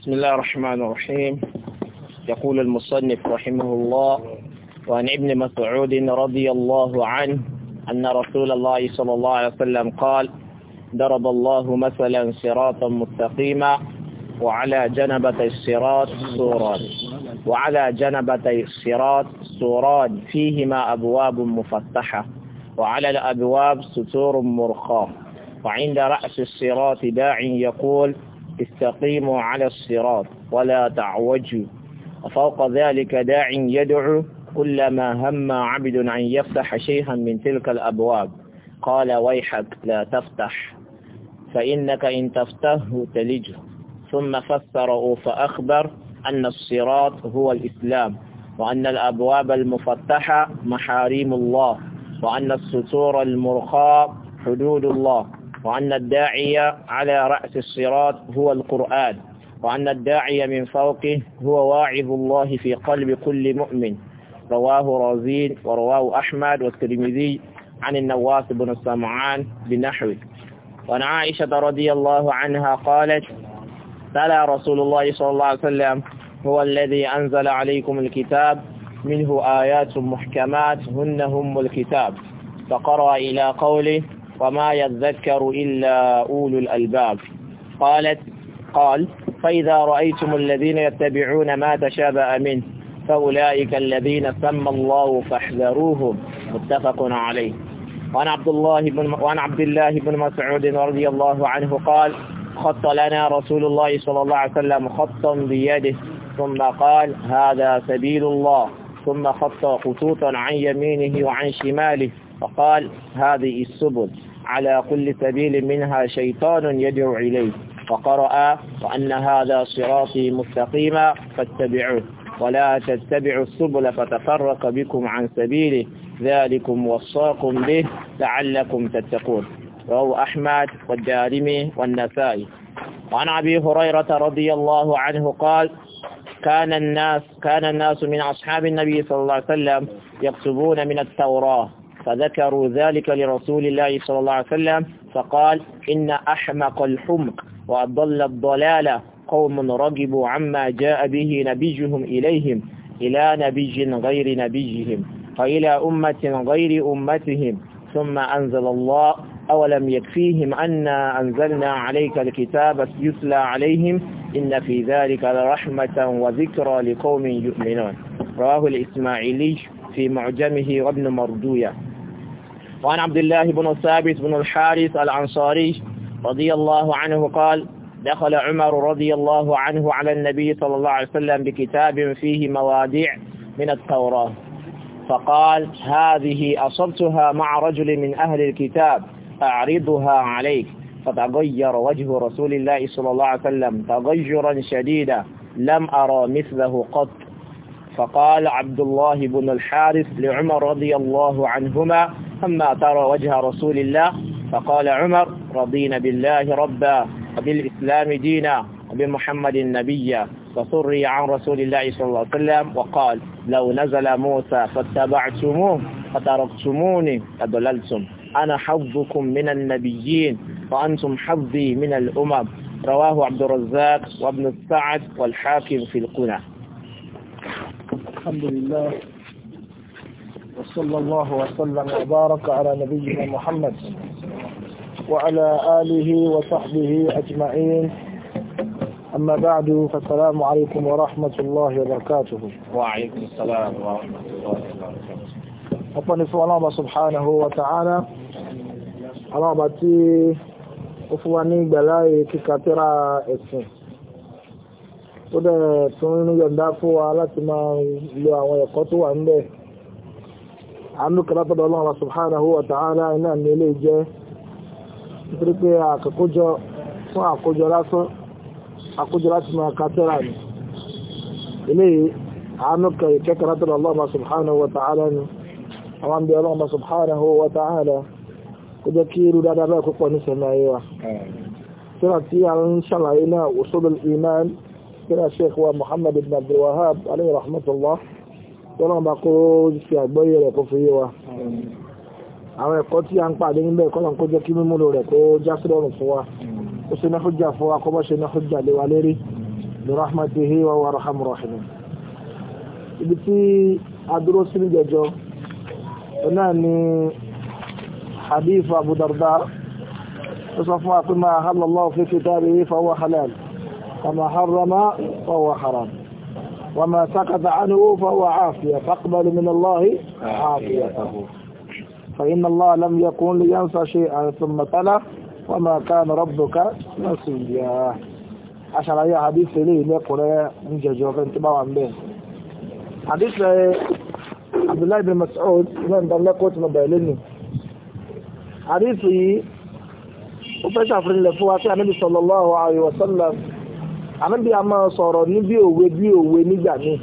بسم الله الرحمن الرحيم يقول المصنف رحمه الله وعن ابن مسعود رضي الله عنه أن رسول الله صلى الله عليه وسلم قال ضرب الله مثلا صراطا مستقيما وعلى جنبتي الصراط سوران وعلى جنبتي الصراط سوران فيهما أبواب مفتحة وعلى الأبواب ستور مرخاة وعند رأس الصراط داع يقول استقيموا على الصراط ولا تعوجوا وفوق ذلك داع يدعو كلما هم عبد أن يفتح شيئا من تلك الأبواب قال ويحك لا تفتح فإنك إن تفتحه تلجه ثم فسره فأخبر أن الصراط هو الإسلام وأن الأبواب المفتحة محاريم الله وأن الستور المرخاة حدود الله وأن الداعي على رأس الصراط هو القرآن وأن الداعي من فوقه هو واعظ الله في قلب كل مؤمن رواه رازين ورواه أحمد والترمذي عن النواس بن السمعان بنحوه وعن عائشة رضي الله عنها قالت تلا رسول الله صلى الله عليه وسلم هو الذي أنزل عليكم الكتاب منه آيات محكمات هن هم الكتاب فقرأ إلى قوله وما يذكر إلا أولو الألباب قالت قال فإذا رأيتم الذين يتبعون ما تشابه منه فأولئك الذين سمى الله فاحذروهم متفق عليه وعن عبد الله بن وعن عبد الله بن مسعود رضي الله عنه قال خط لنا رسول الله صلى الله عليه وسلم خطا بيده ثم قال هذا سبيل الله ثم خط خطوطا عن يمينه وعن شماله فقال هذه السبل على كل سبيل منها شيطان يدعو إليه وقرأ وأن هذا صراطي مستقيما فاتبعوه ولا تتبعوا السبل فتفرق بكم عن سبيله ذلكم وصاكم به لعلكم تتقون رواه أحمد والدارمي والنسائي وعن أبي هريرة رضي الله عنه قال كان الناس كان الناس من أصحاب النبي صلى الله عليه وسلم يكتبون من التوراة فذكروا ذلك لرسول الله صلى الله عليه وسلم فقال إن أحمق الحمق وأضل الضلال قوم رجبوا عما جاء به نبيهم إليهم إلى نبي غير نبيهم وإلى أمة غير أمتهم ثم أنزل الله أولم يكفيهم أنا أنزلنا عليك الكتاب يتلى عليهم إن في ذلك لرحمة وذكرى لقوم يؤمنون رواه الإسماعيلي في معجمه وابن مردوية وعن عبد الله بن ثابت بن الحارث الأنصاري رضي الله عنه قال دخل عمر رضي الله عنه على النبي صلى الله عليه وسلم بكتاب فيه مواديع من التوراة فقال هذه أصبتها مع رجل من أهل الكتاب أعرضها عليك فتغير وجه رسول الله صلى الله عليه وسلم تغيرا شديدا لم أرى مثله قط فقال عبد الله بن الحارث لعمر رضي الله عنهما أما ترى وجه رسول الله فقال عمر رضينا بالله ربا وبالإسلام دينا وبمحمد نبيا فصري عن رسول الله صلى الله عليه وسلم وقال لو نزل موسى فاتبعتموه فتركتموني فضللتم أنا حظكم من النبيين وأنتم حظي من الأمم رواه عبد الرزاق وابن السعد والحاكم في القنا الحمد لله وصلى الله وسلم وبارك على نبينا محمد وعلى آله وصحبه أجمعين أما بعد فالسلام عليكم ورحمة الله وبركاته وعليكم السلام ورحمة الله وبركاته أطلع فوق الله سبحانه وتعالى الله باتي أفواني بلاي ككاترة السن tó dẹ̀ tún yọ̀ǹda fún wa láti máa lo àwọn ẹ̀kọ́ tó wà ń bẹ̀ẹ́ àánú kẹlátọ̀dọ̀ ọlọ́run subhanahu wa ta'ala iná ní ilé jẹ́ nítorí pé àkójọ fún àkójọ lásán àkójọ láti máa kátẹ́rà ní ilé àánú kẹkẹrátọ̀dọ̀ ọlọ́run subhanahu wa ta'ala ní àwọn àmì ọlọ́run subhanahu wa ta'ala kó jẹ́ kí irú dáadáa bẹ́ẹ̀ púpọ̀ ní sẹ́mi ayé wa tọ́lọ́n bá kó ṣe àgbọ́yé rẹ̀ kó fi yé wa àwọn ẹ̀kọ́ tí a ń pàdé níbẹ̀ kọ́lọ́n kó jẹ́ kí mímúlò rẹ̀ kó já sí rọrùn fún wa ó ṣe náfújà fún wa kó bọ́ ṣe náfújà lé wa lérí ní rahmatihi wa wa rahmu rahim ibi tí a dúró sí níjẹjọ náà ni hadith Abu ó sọ fún wa pé ma halallahu fi kitabihi fa huwa halal kama harrama fa huwa haram وما سقط عنه فهو عافية فاقبل من الله عافيته فإن الله لم يكن لينسى شيئا ثم تلا وما كان ربك نسيا عشان هي حديث لي نقول نجي جواب انت ما عم حديث عبد الله بن مسعود من ضمن قوت مبالني حديثي وفشع في الفواتح النبي صلى الله عليه وسلم ànábì a máa sọ̀rọ̀ ní bí òwe bí òwe nígbà míì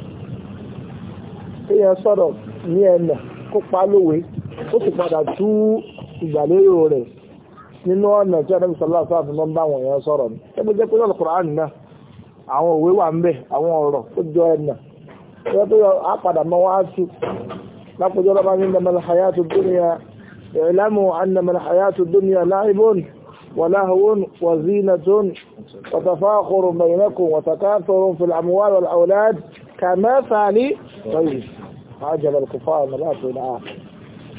èèyàn sọ̀rọ̀ ní ẹnà kó pa lówe ó sì padà tú ìgbàlérò rẹ̀ nínú ọ̀nà tí ànábì sọ̀rọ̀ àti àfihàn ń bá àwọn èèyàn sọ̀rọ̀ ní ẹgbẹ́ jẹ́ pé lọ́nà Kùránì náà àwọn òwe wà ń bẹ̀ àwọn ọ̀rọ̀ tó jọ ẹnà ẹgbẹ́ tó yọ àpàdà mọ́ wá tú lápòjọ́ lọ́ba ní ìlànà hayatu dunya ìlànà hayatu dunya láìbóni ولهو وزينة وتفاخر بينكم وتكاثر في الأموال والأولاد كمثل طيب عجب الكفار ملاك إلى آخر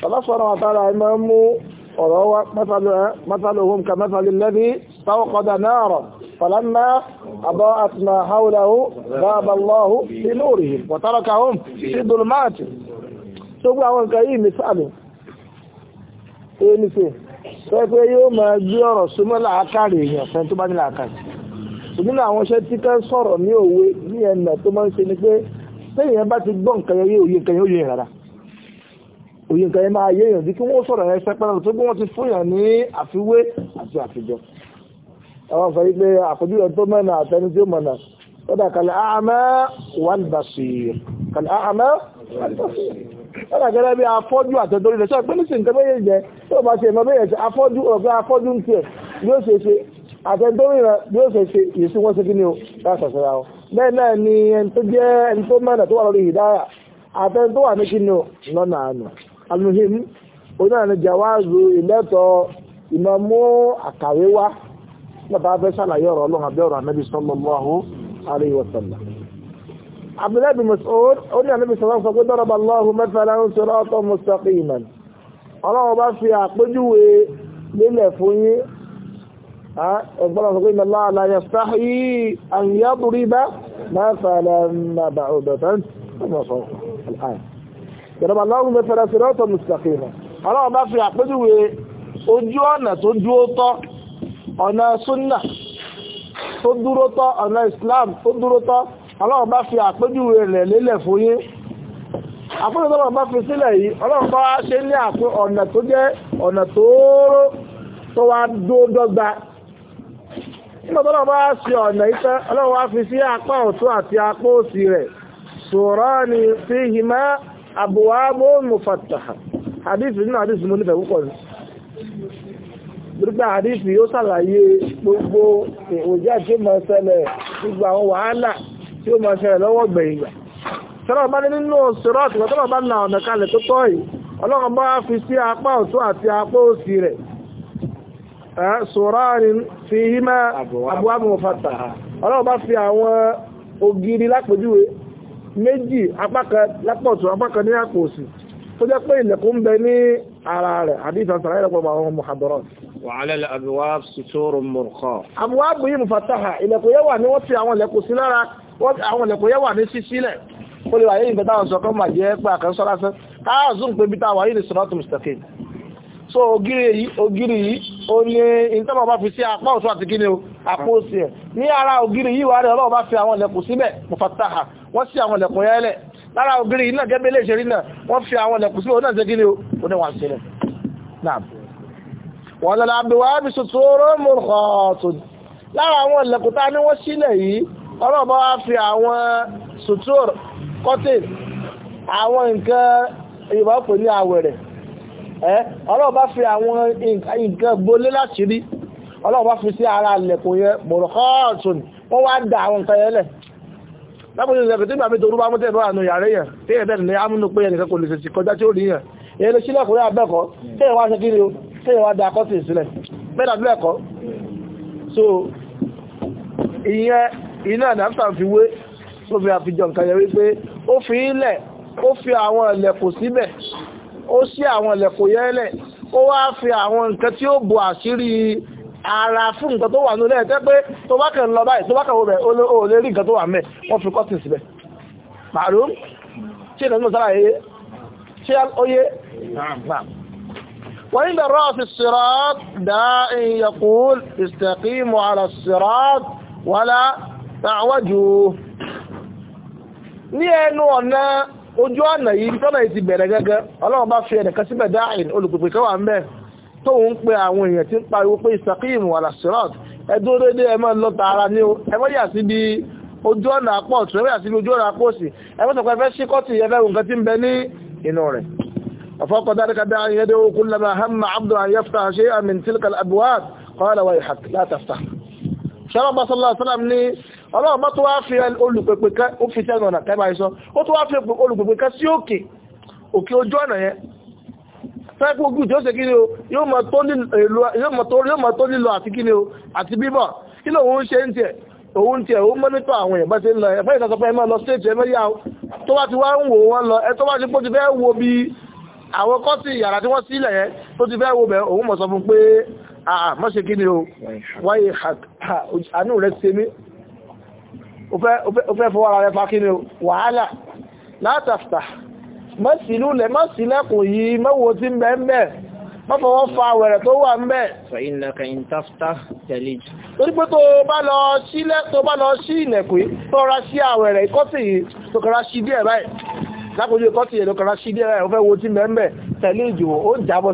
فالله سبحانه وتعالى إمامه وهو مثل مثلهم كمثل الذي توقد نارا فلما أضاءت ما حوله ذاب الله بنورهم وتركهم في ظلمات شوفوا أول كريم يسألوا إيه نسيه pẹ́pẹ́ yóò máa gbé ọ̀rọ̀ súnmọ́ làákàrí èèyàn fẹ́ tó bá ní làákàrí ṣùgbọ́n àwọn iṣẹ́ tí kẹ́ sọ̀rọ̀ ní òwe ní ẹ̀nà tó máa ń ṣe ni pé téèyàn bá ti gbọ́ nǹkan yẹn òye nǹkan yẹn òye rárá òye nǹkan yẹn máa yé èèyàn bí kí wọ́n sọ̀rọ̀ yẹn fẹ́ pẹ́rẹ́ tó gbé wọ́n ti fún yàn ní àfiwé àti àfijọ́ àwọn sọ wípé àpèjúwe tó mẹ́nà àtẹni tí ó mọ̀nà ó dà kal a'ma wal basir lọ́gbàgẹ́rẹ́ bí afọ́jú àtẹ́dórí rẹ̀ sọ pé ní sí nǹkan bẹ́yẹ jẹ́ tí ó bá ṣe ẹ̀mọ́ bẹ́yẹ afọ́jú ọ̀gá afọ́jú ń tiẹ̀ bí ó ṣe ṣe àtẹ́dórí rẹ̀ bí ó ṣe ṣe yìí sí wọ́n ṣe kí ni ó láṣọ̀ṣọ́ra ọ bẹ́ẹ̀ náà ni ẹni tó jẹ́ ẹni tó mẹ́rin tó wà lórí ìdára àtẹ́ni tó wà ní kí ni ó lọ́nà àánú almuhim onáà ni jawazu ìlẹ́tọ̀ ìmọ̀mú àkàwé wá nípa abẹ́ sàlàyé ọ̀rọ̀ ọlọ́run àbẹ́ ọ̀rọ̀ ànábì sallallahu alaihi wa sallam abdullahi bin mas'ud ó ní ànábì sọ́wọ́n sọ pé daraba Allahu mathalan siratan mustaqiman ọlọ́wọ́ bá fi àpéjúwe lélẹ̀ fún yín ọgbọ́nà sọ pé inna Allaha la yastahi an yadriba mathalan ba'udatan daraba Allahu mathalan siratan mustaqiman ọlọ́wọ́ bá fi àpéjúwe ojú ọ̀nà tó dúró tọ́ ọ̀nà súnnà tó dúró tọ́ ọ̀nà islam tó dúró tọ́ ọlọ́run bá fi àpéjúwe rẹ̀ lélẹ̀ fóyé àpéjúwọ́n bá fi sílẹ̀ yìí ọlọ́run bá ṣe ní àpé ọ̀nà tó jẹ́ ọ̀nà tóóró tó wá dódọ́gba nígbàtọ́lọ́run bá ṣe ọ̀nà ìtẹ́ ọlọ́run wá fi sí apá ọ̀tún àti apá òsì rẹ̀ surani fihima abwabun mufattaha hadithi nínú hadithi mo nífẹ̀ẹ́ púpọ̀ ní gbígbà yóò ṣàlàyé gbogbo ìwòjá tí mọ̀ ṣẹlẹ̀ gbogbo àwọn wàhálà tí ó máa ṣẹlẹ̀ lọ́wọ́ gbẹ̀yìngbà tọ́rọ bá ní nínú sọ́rọ̀tì tọ́rọ bá na ọ̀nà kalẹ̀ tó tọ́ yìí ọlọ́run bá fi sí apá ọ̀tún àti apá òsì rẹ̀ surarin fihima abwabu mufattaha ọlọ́run bá fi àwọn ògiri lápòjúwe méjì apákan lápọ̀tún apákan ní àpò òsì وعلى الابواب ستور مرخاة ابواب مفتحه ilẹ̀kùn yẹn wà ní wọ́n ti àwọn àwọn ilẹ̀kùn yẹ́ wà ní sísílẹ̀ ó lè wà yẹ́ ìgbẹ̀ta ọ̀sọ̀ kan mà jẹ́ pé àkàn sọ lásán káàzùn pé bíta wà yìí ní sọ̀rọ̀ tó mùsùlùmí so ògiri yìí ògiri yìí ó ní ìtọ́mọ̀ bá fi sí apá ọ̀tún àti kíni o apá òsì ẹ̀ ní ara ògiri yìí wà rẹ̀ ọlọ́run bá fi àwọn ilẹ̀kùn síbẹ̀ mufataha wọ́n sí àwọn ilẹ̀kùn yẹn lẹ̀ lára ògiri yìí náà gẹ́gẹ́ lè ṣe rí náà wọ́n fi àwọn ilẹ̀kùn síbẹ̀ ó náà ṣe kíni o ó ní wàá sílẹ̀ náà wọ́n lọ́la àbẹ̀wò àbísọ̀tò rọ́mùrùkọ̀ọ̀tún lára àwọn ilẹ̀kùn tá ọlọ́ọ̀bá wá fi àwọn sutur cotton àwọn nǹkan ìbọ̀pọ̀ ní àwẹ̀rẹ̀ ọlọ́ọ̀bá fi àwọn nǹkan gbolé láti rí ọlọ́ọ̀bá fi sí ara lẹ̀kùn yẹn mọ̀rọ̀kọ́ọ̀tún wọ́n wá dà àwọn nǹkan yẹn lẹ̀ lápòjú ìṣẹ̀kù tí màmí torú bá mú tẹ̀lé àánú yàrá yẹn tí ẹ̀bẹ̀ ní amúnú pé ẹnìkan kò lè ṣèṣì kọjá tí ó rí yẹn èyí lè sílẹ̀ kúrẹ́ abẹ́kọ̀ọ́ tí ìwà ṣe kí ni o ìyẹn iná àdáfà fi wé tó fi àfijọ nǹkan yẹ wípé ó fi ilẹ̀ ó fi àwọn ẹ̀lẹ̀kùn síbẹ̀ ó ṣí àwọn ẹ̀lẹ̀kùn yẹ́lẹ̀ ó wá fi àwọn nǹkan tí ó bo àṣírí ara fún nǹkan tó wà nílẹ̀ tẹ́ pé tó bá kàn lọ báyìí tó bá kàn wọ bẹ̀ ó lè rí nǹkan tó wà mẹ́ wọ́n fi kọ́tì síbẹ̀ pàrọ̀ ṣé ìdájọ́ sára yẹ ṣé óyé وعند رأس الصراط داء يقول استقيموا على الصراط ولا àwájú ní ẹnu ọ̀nà ojú ọ̀nà yìí tọ́nà ti bẹ̀rẹ̀ gẹ́gẹ́ ọlọ́run bá fi ẹnìkan síbẹ̀ dáìn olùpèpè kẹwàá ń bẹ̀ tó ń pe àwọn èèyàn tí ń pariwo pé ìsàkíyìmù àlàsírọ́t ẹdún dédé ẹ máa lọ tààrà ní o ẹ mọ́yà sí bí ojú ọ̀nà apọ̀ هم عبد يفتح شيئا من تلك الأبواب قال ويحك لا تفتح شرب صلى الله ọlọ́run tó wá fi olùpẹ̀pẹ̀ kan ó fi tẹ́nu ọ̀nà tẹ́bà iṣọ́ ó tó wá fi olùpẹ̀pẹ̀ kan sí òkè òkè ojú ọ̀nà yẹn fẹ́kù ogun tí ó ṣe kíni o yóò mọ̀ tó lílọ àti kíni o àti bíbọ̀ kí ló ń ṣe ń tiẹ̀ òun tiẹ̀ ó mọ́nítọ̀ àwọn èèyàn bá ti ń lọ o fẹ́ fọwọ́ ara rẹ̀ fa kíni wàhálà látàfà mọ́sílú lẹ̀ mọ́sílẹ̀kùn yìí mọ́wọ́ tí ń bẹ ń bẹ mọ́fọwọ́ fa wẹ̀rẹ̀ tó wà ń bẹ torí pé tó bá lọ sí ilẹ̀kùn tó ra sí àwẹ̀rẹ̀ ìkọ́tì yìí tó kọra sí díẹ̀ báyìí lápòjú ìkọ́tì yìí tó kọra sí díẹ̀ báyìí o fẹ́ wo tí ń bẹ ń bẹ tẹ̀lé ìjìwò ó jábọ́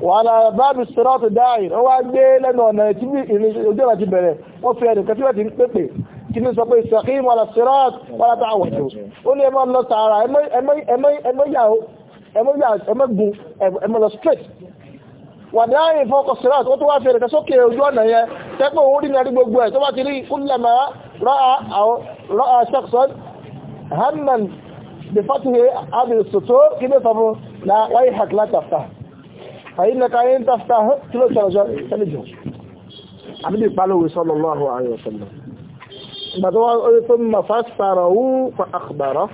wàhálà báàbù sọ́rọ̀tù dáì ó wá gbé lẹ́nu ọ̀nà tí ojú ọ̀nà ti bẹ̀rẹ̀ wọ́n fi ẹnìkan tí wọ́n ti ń pèpè kí ní sọ pé ìsàkíyìn wàhálà sọ́rọ̀tù wàhálà tó àwọ̀jù ó ní ẹmọ́ lọ tààrà ẹmọ́gùn ẹmọ́ lọ straight wà dáì fọ́kọ̀ sọ́rọ̀tù ó tó wá fi ẹnìkan sókè ojú ọ̀nà yẹn tẹ́pọ̀ orí ní arí gbogbo ẹ̀ tó bá ti rí kúlẹ̀mọ́ rọ́à sẹ́kṣọ́n hamman bí fọ́tí àbí fàílẹ̀ka yí ń tàfà kí ló ṣọ̀rọ̀ṣọ́ tẹ́lẹ̀jọ́ àbíbí ìpalówé sallallahu alaihi wasallam ìgbà tó wá orí tó mọ̀ fásitàrà wú àkùbàrọ̀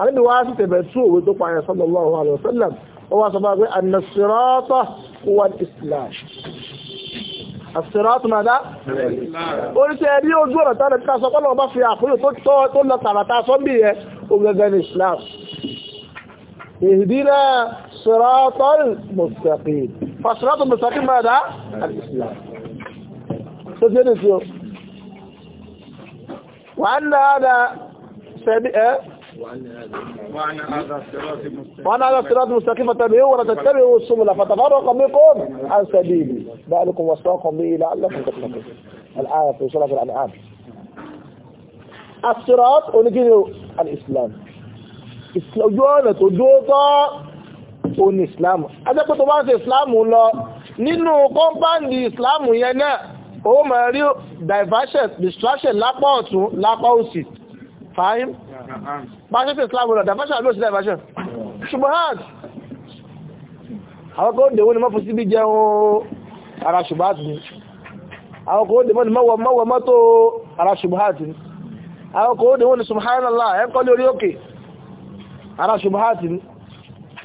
àbíbí wá sí tẹ̀bẹ̀ tú òwe tó pààyà sallallahu alaihi الصراط المستقيم فالصراط المستقيم ماذا؟ الإسلام وأن هذا سبيئة إيه؟ وأن هذا الصراط المستقيم وأن هذا فتبعوه ولا تتبعوا السبل فتفرق بكم عن سبيلي ذلكم وصاكم به لعلكم تتقون الآية في سورة الأنعام الصراط ونجي الإسلام ìsìlọ́jọ́ ọ̀nà ó ní islam ajẹ́pẹ́ tó bá ń ṣe islam lọ nínú kọ́mpáǹdì islam yẹn náà ó máa rí diversion distraction lápá ọ̀tún lápá òsì fáyín bá ṣe ṣe islam lọ diversion àbí òsì diversion ṣubahat àwọn kò dèwọ́ ni mọ́ fún síbí jẹun ara ṣubahat ni àwọn kò dèwọ́ ni mọ́wọ́ mọ́tò ara ṣubahat ni àwọn kò dèwọ́ ni subhanallah ẹ kò lórí òkè ara ṣubahat ni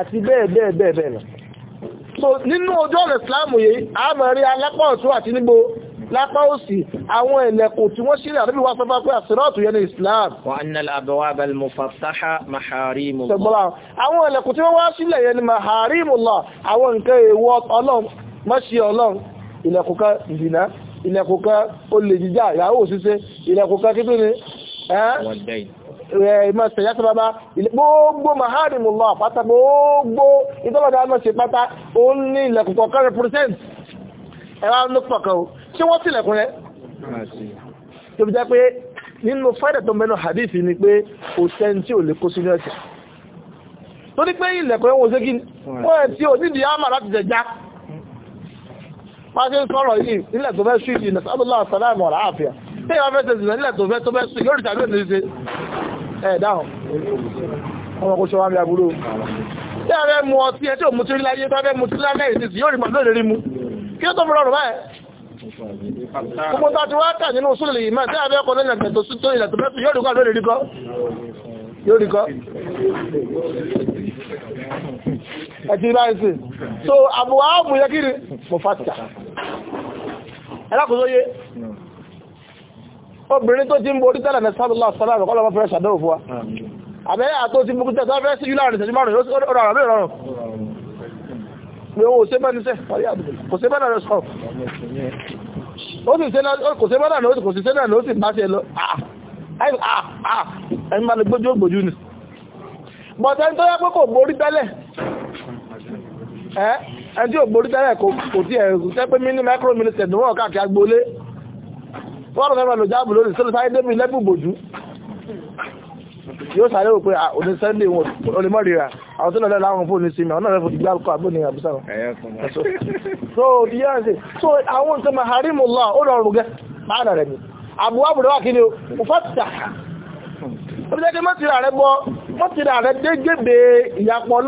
àti bẹ́ẹ̀ bẹ́ẹ̀ bẹ́ẹ̀ bẹ́ẹ̀ lọ so nínú ojú ọ̀nà ìsìláàmù yìí a mọ̀ rí alápá ọ̀tún àti níbo lápá òsì àwọn ẹ̀lẹ́kùn tí wọ́n sílẹ̀ àdúgbò wá sọfá pé àsìrọ́ọ̀tù yẹn ní islam. wọ́n wá sílẹ̀ ìmọ̀ ṣẹ̀yà tó bàbá gbogbo maharimullah pátá gbogbo ìtọ́lọ̀dá ọmọ ṣe pátá ó ní ilẹ̀kùn kọ̀ọ̀kan represent ẹwà ló pọ̀kọ̀ ṣé wọ́n tilẹ̀kùn rẹ̀ tó fi jẹ́ pé nínú fẹ́dẹ̀ tó mẹ́nu hadith ni pé kò sẹ́ni tí ò lè kó sínú ẹ̀sẹ̀ tó ní pé ilẹ̀kùn rẹ̀ wọ́n ṣe kí wọ́n ẹ̀ tí ò nídìí àmà láti jẹ já pàṣẹ sọ̀rọ̀ yìí nílẹ̀ tó fẹ́ sùn yìí nàṣàbùlá àṣàlámọ̀ àáfíà tí ìwà fẹ́ tẹ̀sí nílẹ̀ tó fẹ́ tó fẹ́ sùn yóò rí tàbí òní ṣe ẹ̀ eh, dáhùn ọmọ kò ṣe wá mi àbúrò tí a fẹ́ mu ọtí ẹ tí ò mu tí láyé tó fẹ́ mu tí láyé ìsìsì yóò rí màá lóòrè rí mu kí ó tó fi rọrùn báyìí gbogbo tó ti wá kà nínú sólè yìí máa tí a fẹ́ kọ lẹ́yìn àgbẹ̀ tó sí tó ilẹ̀ tó fẹ́ fi yóò rí kọ́ lóòrè rí kọ́ yóò rí obìnrin tó ti ń borí tẹ́lẹ̀ nẹ́sàbílá sọ́lámù kọ́lọ̀ wọ́n fẹ́ ṣàdọ́ òfúwa àbẹ́yà tó ti mú kúta sáfẹ́ sí yúláàrin ìṣẹ́jú márùn ọ̀rọ̀ àmì ìrọ̀rùn kò sí bẹ́ẹ̀ náà kò sí bẹ́ẹ̀ náà kò sí bẹ́ẹ̀ náà ó sì bá ṣe lọ ẹni máa lè gbójú ògbòjú ni bọ̀tẹ́ ń tó yẹ pé kò borí tẹ́lẹ̀ bọ́ọ̀rọ̀ fẹ́ lọ jáàbù lórí sọ́lọ́ sáré débi lẹ́bù yóò sáré wò pé òní sunday wọn àwọn tó láwọn fóònù sí mi àwọn náà fẹ́ fòtí gbálùkọ so di yára sí so àwọn nǹkan ma harimu lọ ó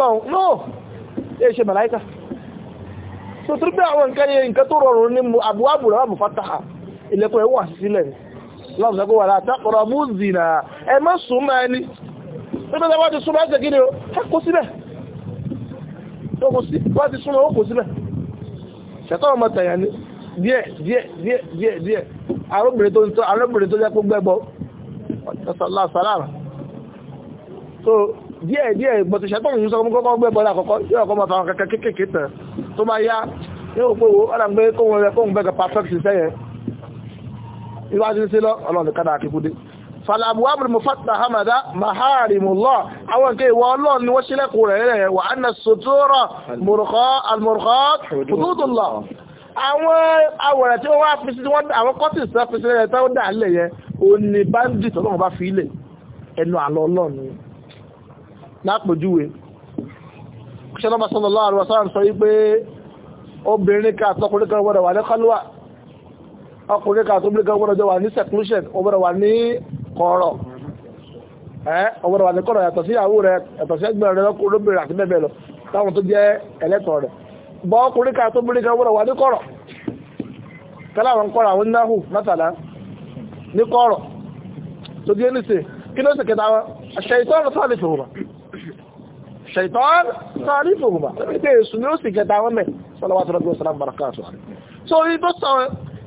rọrùn no ẹ ṣe màláìkà so nǹkan tó rọrùn ni àbúwá wà bù fọ́ ilẹ̀kùn ẹwà sílẹ̀ lọ́pùsọ́kọ́ wà látàkọ̀rọ̀ mú zìnà ẹ má súnmọ́ ẹni pẹ́pẹ́ wọ́n ti súnmọ́ ẹsẹ̀ gíní o kó síbẹ̀ wọ́n ti súnmọ́ ó kó síbẹ̀ ṣẹ̀tọ́ ọmọ tẹ̀yàn ni díẹ̀ díẹ̀ díẹ̀ díẹ̀ díẹ̀ arọ́bìnrin tó jẹ́ kó gbẹ́bọ so díẹ̀ díẹ̀ bọ̀tí ṣẹ̀tọ́ òyìn sọ kọ́kọ́ gbẹ́bọ lákọ̀ọ́kọ́ yóò kọ́ mọ̀ fàwọn kẹ́kẹ́ kéèkéé tẹ̀ tó bá yá yóò pé wo ọ́nà gbé kóhun rẹ̀ kóhun bẹ́gẹ̀ perfect sẹ́yẹn iwájú sí lọ ọlọ́run kádà kíkúdé falabuwabul mufatta hamada maharimullah àwọn nke ìwọ ọlọ́run ni wọ́n sílẹ̀ kò rẹ̀ rẹ̀ wà ánà sotoro almurkhat hududullah àwọn awọ̀rẹ̀ tí wọ́n wá fi sí àwọn kọ́tìs tó fi sílẹ̀ tó dà lẹ̀ yẹ o ní bandit ọlọ́run bá fi ilẹ̀ ẹnu àlọ́ ọlọ́run lápòjúwe kìṣẹ́lọ́mà sallallahu alaihi wasallam sọ wípé obìnrin ká àtọkùnrin kan wọ́n wà ní ọkùnrin kan àtòbìnrin kan gbọ́dọ̀ jọ wà ní seclusion ó gbọ́dọ̀ wà ní kọ̀ọ̀rọ̀ ẹ́ ó gbọ́dọ̀ wà ní kọ̀ọ̀rọ̀ yàtọ̀ sí ìyàwó rẹ̀ yàtọ̀ sí ẹgbẹ̀rún rẹ̀ lọ́kùnrin àti bẹ́ẹ̀ bẹ́ẹ̀ lọ táwọn tó jẹ́ ẹlẹ́tọ̀ rẹ̀ bọ́ ọkùnrin kan àtòbìnrin kan gbọ́dọ̀ wà ní kọ̀ọ̀rọ̀ kẹ́lá àwọn kọ̀ọ̀rọ̀ àwọn náhù látàlá ní kọ̀ọ̀rọ̀ tó jẹ́ nìsín kí ló sì kẹta wọn ṣèyítọ́ọ̀rọ̀ sọ́ọ̀lì fòun ṣèyítọ́ọ̀rọ̀ sọ́ọ̀lì fòun bá ṣèyítọ́ọ̀rọ̀ sọ́ọ̀lì fòun bá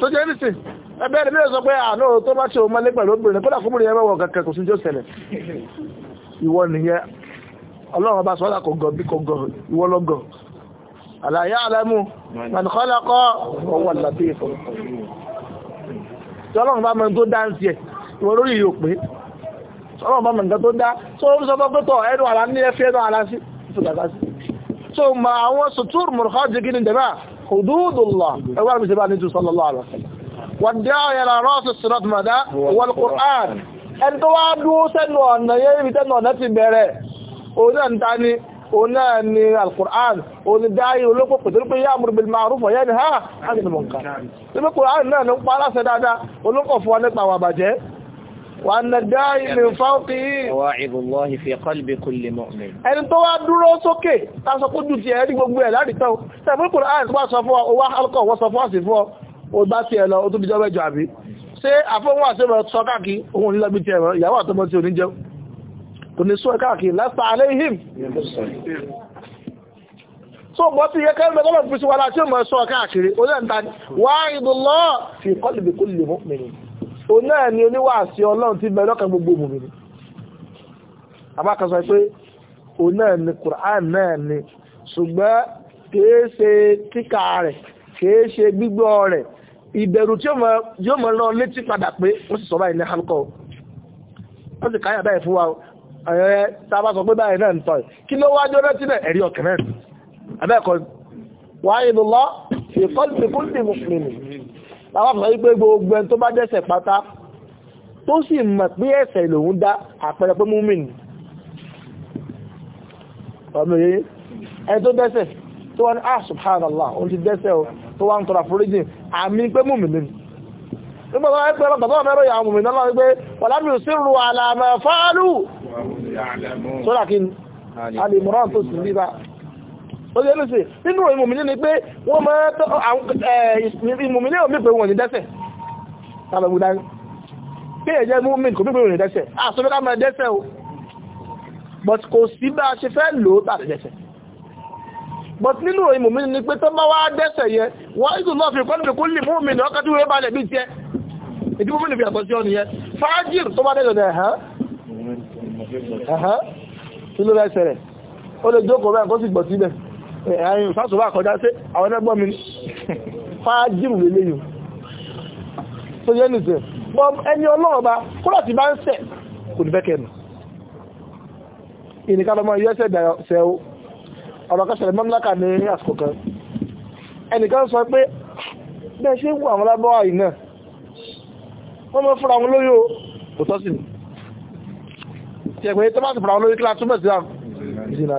tó jẹ́ nìsìn ẹgbẹ́ ẹ̀rẹ́ mẹ́rin sọ pé àánú ah, tó bá ṣe òun lẹ́gbẹ̀rẹ̀ obìnrin kódà fún mìíràn ẹwọ̀ kankan kò sí jọ ṣẹlẹ̀ ìwọ nìyẹn ọlọ́run ọba sọ́lá kò gọ̀ bí kò gọ̀ ìwọ lọ́gọ̀ àlàyé àlẹ́mú mẹ́nìkọ́lẹ́kọ́ ọwọ́ àlàbí ìfọ̀ tí ọlọ́run bá mẹ́rin tó dá ń tiẹ̀ ìwọ lórí yìí ò pé ọlọ́run bá mẹ́rin tó dá tó ń sọ pé tọ̀ ẹnu àlá ní ẹfẹ́ ẹnu àlá sí ìfọ̀gàgá sí so ma àwọn حدود الله أول مثل بعد نجو صلى الله عليه وسلم والداعي إلى رأس الصراط ماذا والقرآن أنت وعدو سنو أن يبي تنو نتي بره وذن تاني ona ni alquran oni dai oloko ko dole ya amur bil ma'ruf wa yanha 'anil munkar. Ibe Qur'an na no para se dada oloko fún wa nípa wa bàjẹ́ وأن الداعي من فوقه وواعظ الله في قلب كل مؤمن ẹni tó wá dúró sókè tásọ kó jù ti ẹ̀rí gbogbo ẹ̀ láti tán sẹ́fún Kùránì wá sọ fún ọ wá alkọ̀ wọ́n sọ fún àsì fún ọ o bá ti ẹ̀ lọ o tó bí jọ́bẹ́jọ àbí ṣé àfọwọ́n àṣẹ́mọ̀ sọ káàkiri ohun nílọ́bí ti ẹ̀rọ ìyàwó àtọmọ tí ò ní jẹun kò ní sọ káàkiri lásà aléhìm so bọ́ ti yẹ kẹ́rin mẹ́tọ́lọ̀ fi sí wa láti mọ̀ sọ káàkiri ó lẹ́ǹta wáyé lọ́ fi qalbi kulli mu'min òun náà ni oníwàásí ọlọ́run ti bẹ̀rẹ̀ ọkàn gbogbo òmìnirin abákasọ pé òun náà ni Qur'an náà ni ṣùgbọ́n kìí ṣe kíkà rẹ̀ kìí ṣe gbígbọ́ rẹ̀ ìbẹ̀rù tí yóò mọ̀ lọ létí padà pé wọ́n sì sọ báyìí ní halkọ́ wọ́n sì káyà báyìí fún wa ẹ̀rẹ́ tá a bá sọ pé báyìí náà ń tọ́ kí ló wájú rántí náà ẹ̀rí ọ̀kẹ́ abẹ́ẹ̀kọ́ wáyé lọ́ọ́ ìkọ́lùmí láwọn àmọ́ wípé gbogbo ẹni tó bá dẹ́ṣẹ̀ pátá tó sì mọ̀ pé ẹ̀ṣẹ̀ lòun dá àpẹẹrẹ pé múmin ọmọ yìí ẹni tó dẹ́ṣẹ̀ tó wọ́n ní ah subhanallah o ti dẹ́ṣẹ̀ o tó wá ń tọrọ àforíjì àmì pé múmin ni nígbà tó wáyé pé bàbá mẹ́rọ ìyàwó múmin ọjọ́ ẹlẹ́sẹ̀ nínú ìmòmìnì ni pé wọ́n máa tọ́ ìmòmìnì ò mẹ́pẹ̀ wọn ní dẹ́sẹ̀ tàbẹ̀gbùdání pé ẹ̀jẹ́ múmin kò mẹ́pẹ̀ wọn ní dẹ́sẹ̀ àṣọ́bẹ́ká máa dẹ́sẹ̀ o but kò sí bá ṣe fẹ́ lò ó tàbí dẹ́sẹ̀ but nínú ìmòmìnì ni pé tó bá wá dẹ́sẹ̀ yẹn wọ́n ìlú náà fi kọ́nà kó lè múmin ọkọ̀ tí wọ́n bá lẹ̀ bí tiẹ̀ ìdí múmin fi àtọ́ sí ọ nìyẹn fájìr tó bá dẹ́sẹ̀ ẹ̀hán kí ló rẹ̀ ṣẹlẹ̀ ó lè jókòó bẹ́ẹ̀ kó sì gbọ̀ síbẹ̀ ẹ̀yìn sásùbà kọjá sí àwọn ẹgbọ́n mi fàájìrù lè léyìn tó yẹ́ nìsẹ̀ ẹni ọlọ́rọ̀ bá kúrò ti bá ń sẹ̀ kò ní bẹ́kẹ̀ẹ̀nù ìníkàlọmọ yẹ́sẹ̀ dẹ̀ ọ̀rọ̀ kẹsẹ̀lẹ̀ mọ́mílákà ní àsìkò kan ẹnìkan sọ pé bẹ́ẹ̀ ṣe ń wọ àwọn lábọ́ àì náà wọ́n mọ́ fúnra wọn lórí òtọ́sìn tí ẹgbẹ̀rẹ̀ tó bá ti fúnra wọn lórí kílá túnbẹ̀ sí àwọn ìsìnà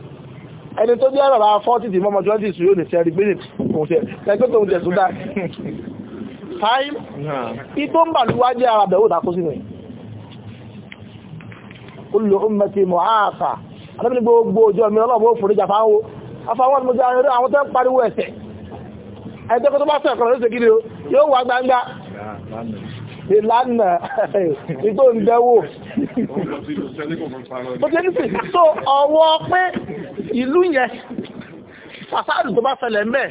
ẹni tó jẹ́ bàbá 40 mọ́mọ́ 20 sí yóò ní sẹ́rìgbìnì ẹgbẹ́ tó ń jẹ sódá time ìtò ń bà ní wájẹ́ ara bẹ̀wò dákó sínú olù ọmọdé mọ̀ áàfà alábìnrin gbogbo òjò mi ọlọ́bọ̀ òfòrí jà fáwọ́ ìlànà ìtò ìdẹ́wò so ọwọ́ pé ìlú yẹn fàsáàdù tó bá fẹ́lẹ̀ mẹ́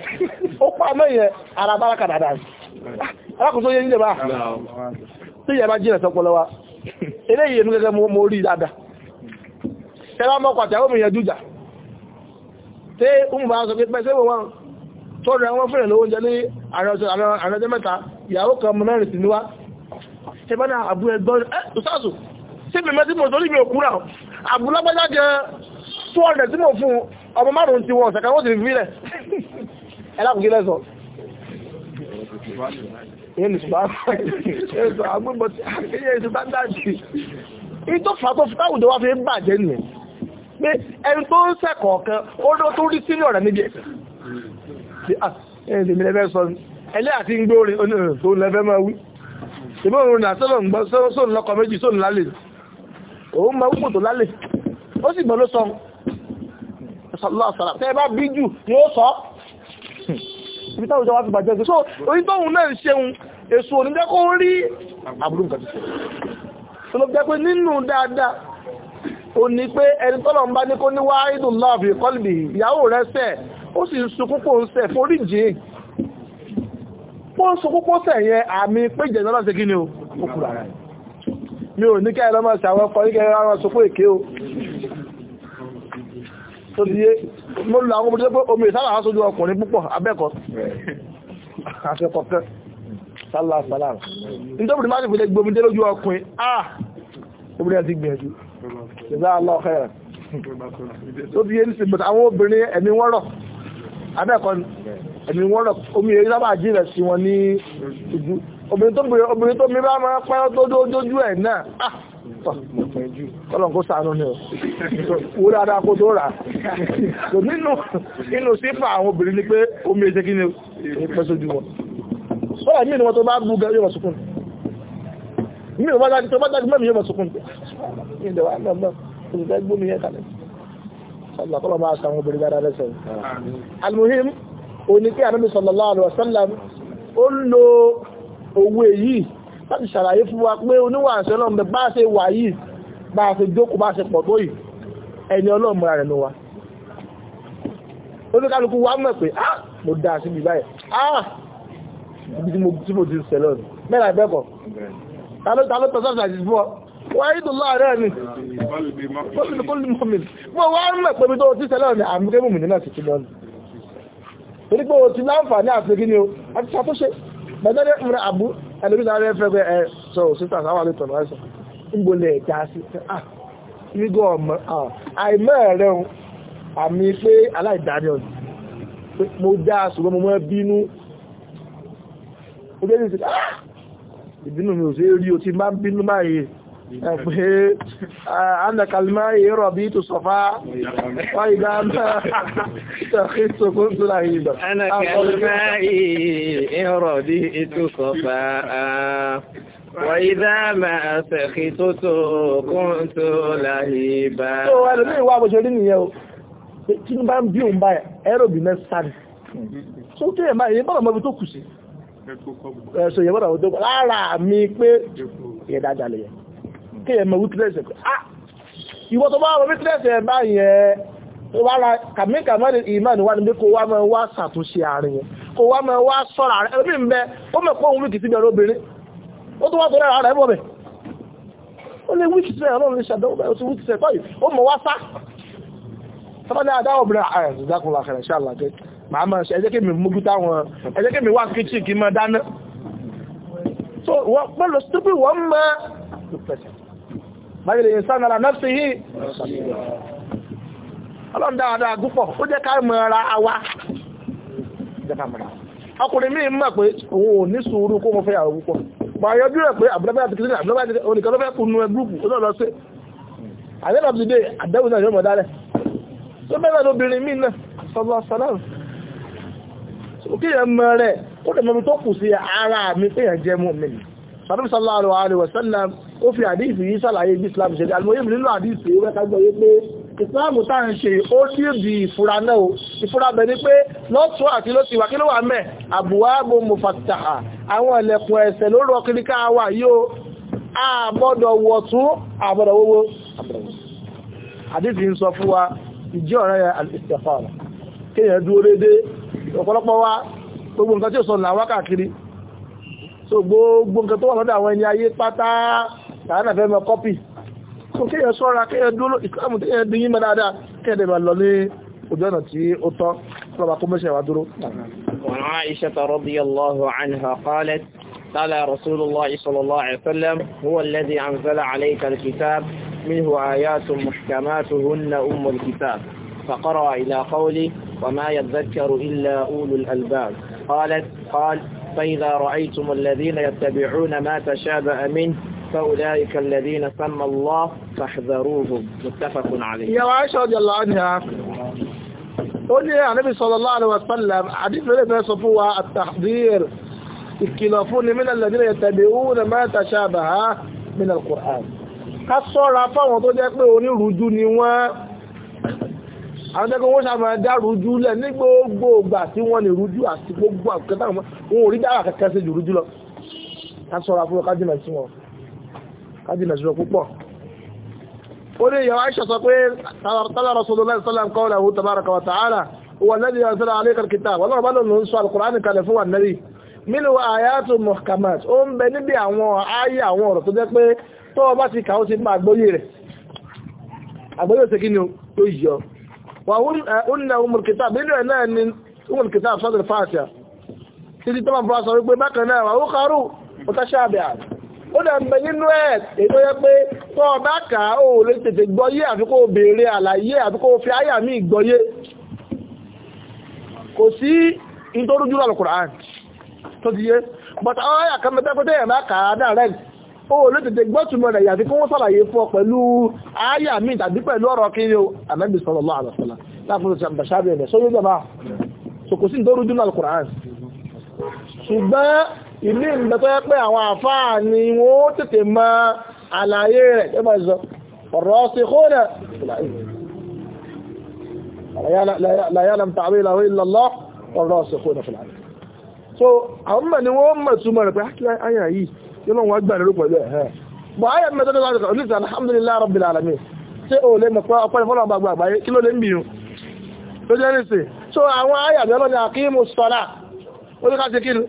ó pa mẹ́yẹ ara bára kàdàdà alákùn tó yẹ nílẹ̀ bá tí yẹ bá jìnà sọpọlọwà ilé ìyẹ̀ mú gẹ́gẹ́ mọ́ orí dada tẹ́lá mọ́kọ̀ àti àwọn èèyàn jújà tí ń bá sọ pé pẹ́sẹ́ wọn tó rẹ̀ wọ́n fẹ́rẹ̀ lówó oúnjẹ ní àrẹ ọjọ́ mẹ́ta ìyàwó kan mọ́ mẹ́rin sí níwá ṣẹbánà àbú ẹgbọ́n ẹ́ ìsáàsù sí mẹ́mẹ́ tí mo torí mi òkú náà àbú lágbájá jẹ 200 tí mo fún ọmọ márùn-ún ti wọ́n ṣẹ̀kà wọ́n ti fi rẹ̀ ẹlákùnkí lẹ́sọ̀ ẹni tó ń sẹ́kọ̀ọ́ kan ó ló tó rí sínú ọ̀rẹ́ níbi ẹ̀sẹ̀ ah, ẹni tèmi lẹ́fẹ́ sọ ẹlẹ́ àti ń gbóòrin onírin tó lẹ́fẹ́ máa wí ṣèbí òun nà sọ́lọ̀ ń gbọ́ sóun lọ́kọ̀ méjì sóun lálẹ́ òun mọ púpọ̀ tó lálẹ́ ó sì gbọ́ ló sọ lọ́sọ̀rọ̀ tẹ́ bá bí jù yóò sọ ibi táwọn ìjọba ti bàjẹ́ so orí tóun náà ń ṣeun èso oníjẹ́ kó rí àbúrú nǹkan tuntun tó ló jẹ́ pé nínú dáadáa ó ní pé ẹni tọ́lọ̀ ń bá ní kó ní wáyé dùn lọ́ọ̀bì kọ́lìbì ìyàwó rẹ̀ sẹ̀ ó sì ń sunkún ń sẹ̀ foríjì pọ́n so púpọ́ sẹ̀yẹ àmì pé jẹ̀nàlá sí kíni o kúkúrò ara ẹ̀ mi ò ní kẹ́ẹ̀lọ́ máa sàwọn ọkọ̀ ní kẹ́ẹ̀lọ́ máa sopó èké o tó di yé mo lọ àwọn ọmọdé pé omi ìsára àwọn sojú ọkùnrin púpọ̀ abẹ́kọ̀ àṣẹkọ̀ kẹ́ sálà sálà nítorí máa ń fi gbomi dé lójú ọkùnrin ah obìnrin ti gbìyànjú ìzá aláọ̀kẹ́ rẹ̀ tó di yé ní sí àwọn obìnrin ẹ̀mí wọ́rọ̀ abẹ́kọ̀ ni ẹ̀mí wọ́n rọ̀ omi èyí lábàá jí rẹ̀ sí wọn ní ojú obìnrin tó bèrè obìnrin tó mi bá máa pẹ́ tó dójú ẹ̀ náà ah, ọlọ́run kó sàánú ni ọ̀ wó dáadáa kó tó rà so nínú nínú sífà àwọn obìnrin ni pé omi èsè kí ni pẹ́ sójú wọn ó rà ní ìnú wọn tó bá bú gẹ yóò sọkún ní ìwọ́n dájú tó bá dájú mẹ́mí yóò sọkún ní ìdẹ̀wà náà mọ́ òṣìṣẹ́ gbómi yẹn kalẹ̀ sọ́lá kọ́lọ́ máa sàwọn obìnrin dáadáa lẹ́sẹ̀ òní pé Ànábì sallallahu alaihi wasallam ó ń lo òwe yìí láti ṣàlàyé fún wa pé oníwà àṣẹ́lọ́m̀bẹ̀ bá ṣe wà yìí bá ṣe jókòó bá ṣe pọ̀ tó yìí ẹni ọlọ́mùra rẹ̀ ló wa oníkálukú wa mọ̀ ah mo dáa sí ibi báyìí ah ibi tí mo ti ń sẹ̀lọ́ ni mẹ́ra ẹ̀bẹ́kọ̀ ta ló tọ́ sáfà sí fún ọ wà á yídùn láàárẹ̀ ni kó lè mọ̀ mi mo wá mọ̀ pé mi tó ti sẹ̀lọ́ ni àmì torí pé o ti láǹfààní àti kí ni o àti ṣàtúnṣe bẹ̀dẹ́rẹ́ ń rẹ àbú ẹlòmínà rẹ fẹ́ pé ẹ sọ sísà sáwà ìbínú mi ò sí rí o ti máa ń bínú báyìí pé anakalma èrò bí tó sọfá fáìdá máa tàkí sókún tó láyé ìdọ̀. anakalma èrò bí tó sọfá Wàídá máa tẹ̀kì tó tó kún tó láhìbá. Tó wà lórí ìwà àbòjò rí nìyẹn o, tí ní bá ń bí òun bá ẹ̀rọ bí mẹ́sàn-án. Tó tí ẹ̀ máa yẹ bọ́rọ̀ mọ́bí tó kù sí. Ẹ̀ṣọ́ yẹ bọ́rọ̀ àwọn tó kù. Lára mi pé ìyẹ̀dájà lè yẹ kéèyàn mọ̀ witness ẹ̀ ah ìwọ tó bá wọ witness ẹ̀ bá yẹn tó bá ra kàmíkà mọ́ ní ìmọ̀ ni wà ní pé kó wá máa wá ṣàtúnṣe àárín yẹn kó wá máa wá sọ̀rọ̀ àárín ẹ̀rọ mi bẹ ó mọ̀ pé òun wíkì síbi ẹ̀rọ obìnrin ó tó wá tó rẹ̀ rẹ̀ bọ̀ bẹ̀ ó lé wíkì síbi ẹ̀rọ mi ṣàdánwò bẹ̀ ó ti wíkì síbi ẹ̀kọ́ yìí ó mọ̀ wá sá sábàdé àdáwọ̀ bẹ̀rẹ̀ ààrẹ ìdákùnlá kẹrẹ̀ ṣáà làjẹ́ màá máa ṣe ẹjẹ́ kí mi mójú táwọn ẹjẹ́ kí mi wá kíchìn kí máa dáná so wọ́n pẹ̀lú stupid wọ́n máa báyìí lè sáà nàrà náà sí hì ọlọ́run dáadáa gúpọ̀ ó jẹ́ ká mọ ara wa ọkùnrin míì mọ̀ pé òun ò ní sùúrù kó mo fẹ́ yàwó púpọ̀ máa yọjú rẹ̀ pé àbúrẹ́bẹ́ àti kìrìsìtì àbúrẹ́bẹ́ oníkan ló fẹ́ kunu ẹ gúrùpù ó náà lọ sí àdéhùn àti dé àdéhùn náà yóò mọ̀ dálẹ̀ tó bẹ́ẹ̀ náà lóbìnrin míì náà sọlọ sọlọ́run òkè yẹn mọ rẹ̀ ó dẹ̀ mọ̀ mi tó kù sí ara mi pé yẹn jẹ́ mú mi sọlọ́run sọlọ́run àlùwàlùwà sọlọ́run ó fi àdíìsì yìí sàlàyé bí islam ṣe alìmọ̀yé nínú àdíìsì wẹ́kàgbọ́ yé pé ìsìláàmù tá ń ṣe ó sí ìdí ìfura náà ìfura bẹ̀ ni pé lọ́tún àti lọ́tí wà kí ló wà mẹ́ àbúwáàbò mufataha àwọn ẹ̀lẹ̀kùn ẹ̀sẹ̀ lóró ọkìríká wà yóò àbọ́dọ̀ wọ̀tún àbọ́dọ̀ wówó àdíìsì ń sọ fún wa ìjẹ́ ọ̀rẹ́ al-istikhara kéèyàn dúró dédé ọ̀pọ̀lọpọ̀ wa gbogbo nǹkan tí ó sọ làwọn káàkiri so gbogbo nǹkan tó wà lọ́dọ̀ àwọn ẹni ayé pátá làánà عائشة رضي الله عنها قالت قال رسول الله صلى الله عليه وسلم هو الذي أنزل عليك الكتاب منه آيات محكمات هن أم الكتاب فقرأ إلى قوله وما يذكر إلا أولو الألباب قالت قال فإذا رأيتم الذين يتبعون ما تشابه منه فأولئك الذين سمى الله فاحذروهم متفق عليه يا عائشة رضي الله عنها قل لي النبي صلى الله عليه وسلم حديث الذي صفوها التحذير الكلافون من الذين يتبعون ما تشابه من القرآن كسر فهو تجاكبه نرجو نواء àwọn tẹ́kọ̀ wọ́n sàmà dá rújú lẹ̀ ní tí wọ́n lè rújú àti gbogbo àkẹta wọn ò dára kẹkẹ́ sí jù rújú lọ ká sọ́ra fún ọkájìmẹ̀ sí wọn kájìnà ṣùgbọ́n púpọ̀ ó ní ìyàwó Aisha sọ pé tààrà Rasulullah sallam kọ́ọ̀lá hu tabaraka wa ta'ala huwa alladhi anzala alayka al-kitab wọ́n bá lọ́nà ń sọ al-Qur'an kalẹ̀ fún annabi minhu ayatun muhkamat ó ń bẹ níbi àwọn ayé àwọn ọ̀rọ̀ tó jẹ́ pé tó bá ti kà ó ti máa gbóyè rẹ̀ àgbóyè òsèkí ni ó yọ wà ó ní àwọn mùrùkítà nínú ẹ̀ náà ni mùrùkítà sọ́dọ̀ fàṣà títí tó máa bọ́ sọ wípé bákan náà wà ó kódà ń bẹ nínú ẹ̀ ètò yẹ pé tó ọba kà á ò lè tètè gbọ́yé àfi kó béèrè àlàyé àfi kó fi àyà mí gbọ́yé kò sí ìtòrújú Al-Qur'an tó ti yé bọ̀tà àwọn àyà kan mẹ́tẹ́ pẹ́tẹ́ ẹ̀má kà á náà rẹ̀ ó lè tètè gbọ́tùmọ̀ rẹ̀ yàfi kó wọ́n sàlàyé fún ọ pẹ̀lú àyà mí tàbí pẹ̀lú ọ̀rọ̀ kiri o àmẹ́bí sallallahu alaihi wasallam láfún ìṣàbẹ̀ṣàbẹ̀ rẹ̀ sóyún jọba so kò sí ìtòrújú Al-Qur'an ṣùgbọ́n ìlú ìgbẹ́tọ́ yẹ pé àwọn àfáà ni wọ́n tètè mọ àlàyé rẹ̀ tó bá sọ ọ̀rọ̀ sí kódà láyálàm tàbí ìlàwó ìlàlọ́ ọ̀rọ̀ sí kódà fìlàní so àwọn mọ̀ ni wọ́n mọ̀ túnmọ̀ rẹ̀ pé ákílá ayà yìí yóò lọ́wọ́ gbà rẹ̀ pẹ̀lú ẹ̀hẹ́ bọ̀ ayà mẹ́tọ́ tó láti ọ̀lẹ́sì alhamdulillah rabbil alamin ṣé o lè mọ̀ pé ọ̀pọ̀ ìfọ́nà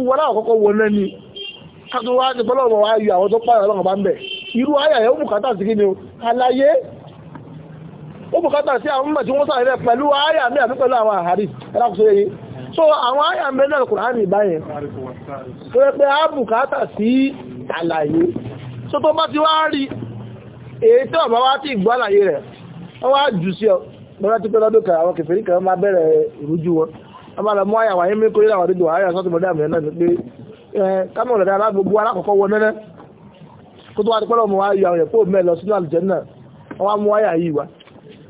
ti wọlé àkọ́kọ́ wọlé ni kátó wá ní bọ́lọ́wọ́ wá yọ àwọn tó pààyàn ọlọ́run bá ń bẹ̀ irú ayà yẹn ó bùkátà sí kíni o àlàyé ó bùkátà sí àwọn mọ̀ wọ́n sáré pẹ̀lú ayà mi àti pẹ̀lú àwọn àhárí ẹ̀rákùsọ yẹn so àwọn ayà mi náà Kùránì báyẹn tó yẹ pé á bùkátà sí àlàyé so tó bá ti wá rí èyí tó ọ̀bá wá ti gbọ́ àlàyé rẹ̀ wọ́n wá jù sí ọ bọ́lá ti pẹ́ lọ́dún kan àwọn kẹfẹ́rí kan máa bẹ̀rẹ̀ ìrújú wọn abala mú àyàwó ayé mẹ́kọ́ yíra ridu dùn àyà sọ́tún mọ́dá mẹ́rin náà ni pé kánú ọ̀dàdà alágbogbo alákọ̀ọ́kọ́ wọ nẹ́nẹ́ kó tó wá dípẹ́ lọ́mọ ayọ̀ àwọn ẹ̀kọ́ o lọ sínú àlùjánnà wọ́n mú àyà yìí wá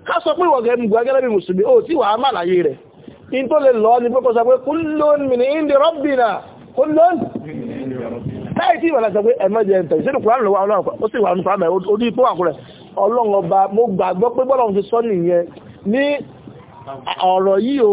ká sọ pé ìwọ̀gẹ́ mú gẹ́gẹ́ bí mùsùlùmí ó tí wàá màláyé rẹ̀ in tó lè lọ ni pé kó sọ pé kullun min indi rabbina kullun táyì tí ìwàlá sọ pé ẹ̀mẹ́jẹ ń tẹ̀sí ìdùkú láàrín lọ́wọ́ ọlọ́run ó sì wà nípa mẹ́ ó dí ipò àkúrẹ̀ ọlọ́run ọba mo gbàgbọ́ pé bọ́lọ́run ti sọ nìyẹn ní ọ̀rọ̀ yìí o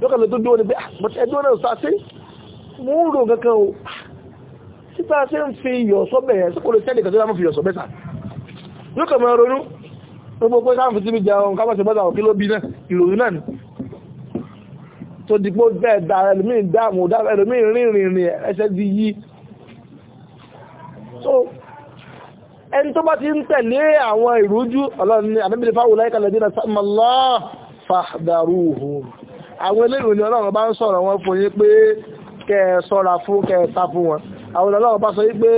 lọ́kànlẹ̀ tó dúró ní pé ah, ẹjọ́ náà sáṣẹ́ mú ń rò kankan o ah, síta ṣe ń fi iyọ̀ sọ́bẹ̀ ẹ̀ sí kò lè tẹ́lẹ̀ kàtọ́lá mú fi iyọ̀ sọ́bẹ̀ sà yóò kàn máa ronú gbogbo pé káàmù sí mi jẹun káàmù sí bọ́dà òkè ló bí náà ìròyìn náà ni tó dìpó bẹ́ẹ̀ da ẹlòmíì dáàmú ẹlòmíì rìnrìn rìn ẹsẹ̀ di yí so ẹni tó bá ti ń tẹ̀lé àwọn ìrújú ọlọ́run ní àbẹ́bẹ̀lẹ̀ fáwọn láìkàlẹ̀ dínà sàmàlá fàdàrúhùn àwọn eléyìí ni ọlọ́run bá ń sọ̀rọ̀ wọn fún yín pé kẹ́ ẹ sọ́ra fún kẹ́ ẹ sá fún wọn àwọn ọlọ́run bá sọ yí pé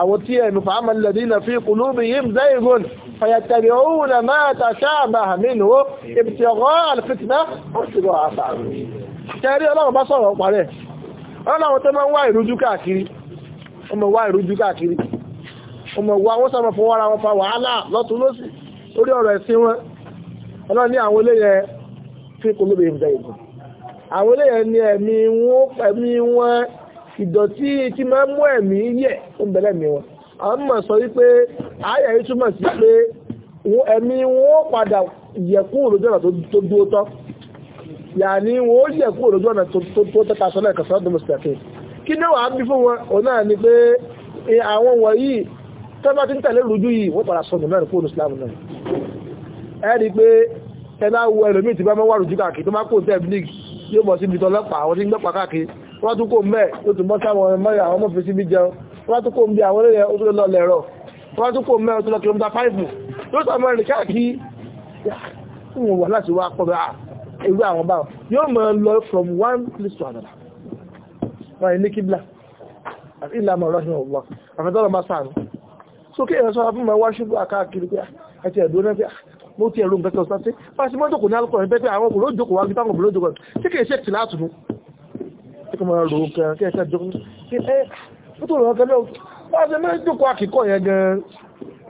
àwọn tí ẹnu fàámà lẹ́dí iná fi kùlú bí yí zaigun fàyàtẹ̀rẹ̀ òun náà máa ta sáàbà àmìnú ìbìtìọ̀gọ́ àlùfitìná ó sì lọ àfà kẹrí ọlọ́run bá sọ̀rọ̀ parẹ́ ọlọ́run tó àwọn olóyè fi kùlú bí yí zaigun àwọn eléyàn ní ẹ̀mí wọn ẹ̀mí wọn ìdọ̀tí tí máa mú ẹ̀mí yẹ̀ ó ń bẹ̀lẹ̀ mi wọn àwọn mọ̀ sọ wípé àyà yìí túmọ̀ sí pé ẹ̀mí wọn ó padà yẹ̀kú òròjú ọ̀nà tó dúró tọ́ yàní wọn ó yẹ̀kú òròjú ọ̀nà tó tẹ́ta sọ́nà ìkàsọ́nà tó mọ̀ sí àkè kí ní wàá bí fún wọn òun náà ni pé àwọn wọ̀nyí tọ́ba ti tí bá máa wà rújú káàkiri tó máa kó tẹ́ẹ̀bì yóò bọ̀ síbi tọ́lọ́pàá àwọn tí ń gbọ́pàá káàkiri wọ́n tún kó mẹ́ ó tún bọ́ sáwọn mọ́yà àwọn mọ́fẹ́ síbi jẹun wọ́n tún kó mẹ́ àwọn olóyẹ ó tún lọ lẹ̀rọ wọ́n tún kó mẹ́ ó tún lọ kìlómítà fáìfù yóò sọ mọ́ rìn káàkiri wà láti wá pọ̀ irú àwọn báwọn yóò mọ̀ lọ from one place to another wọ́n ní kíbla ìlànà ọ̀rọ̀ṣin ọ̀gbọ́n àfẹ́tọ́lọ́ bá sáà ní sókè ìrẹsọ́ra fún mọ́ wáṣíbù àkáàkiri pé àti ẹ̀dọ́ náà pé mo ti ẹ̀rù nǹkan kan sáṣẹ́ pàṣípọ́n jòkó ní alùpùpù ẹ̀bẹ́ pé àwọn òkúrò jòkó wá gbé táwọn òkúrò jòkó tí kìí ṣe tì látùnú tí kò máa rò kẹ́ kẹ́kẹ́ jòkó ẹ́ ó tó rọ̀ kẹ́lẹ́ wọ́n ṣe mẹ́rin jòkó àkíkọ̀ yẹn gan-an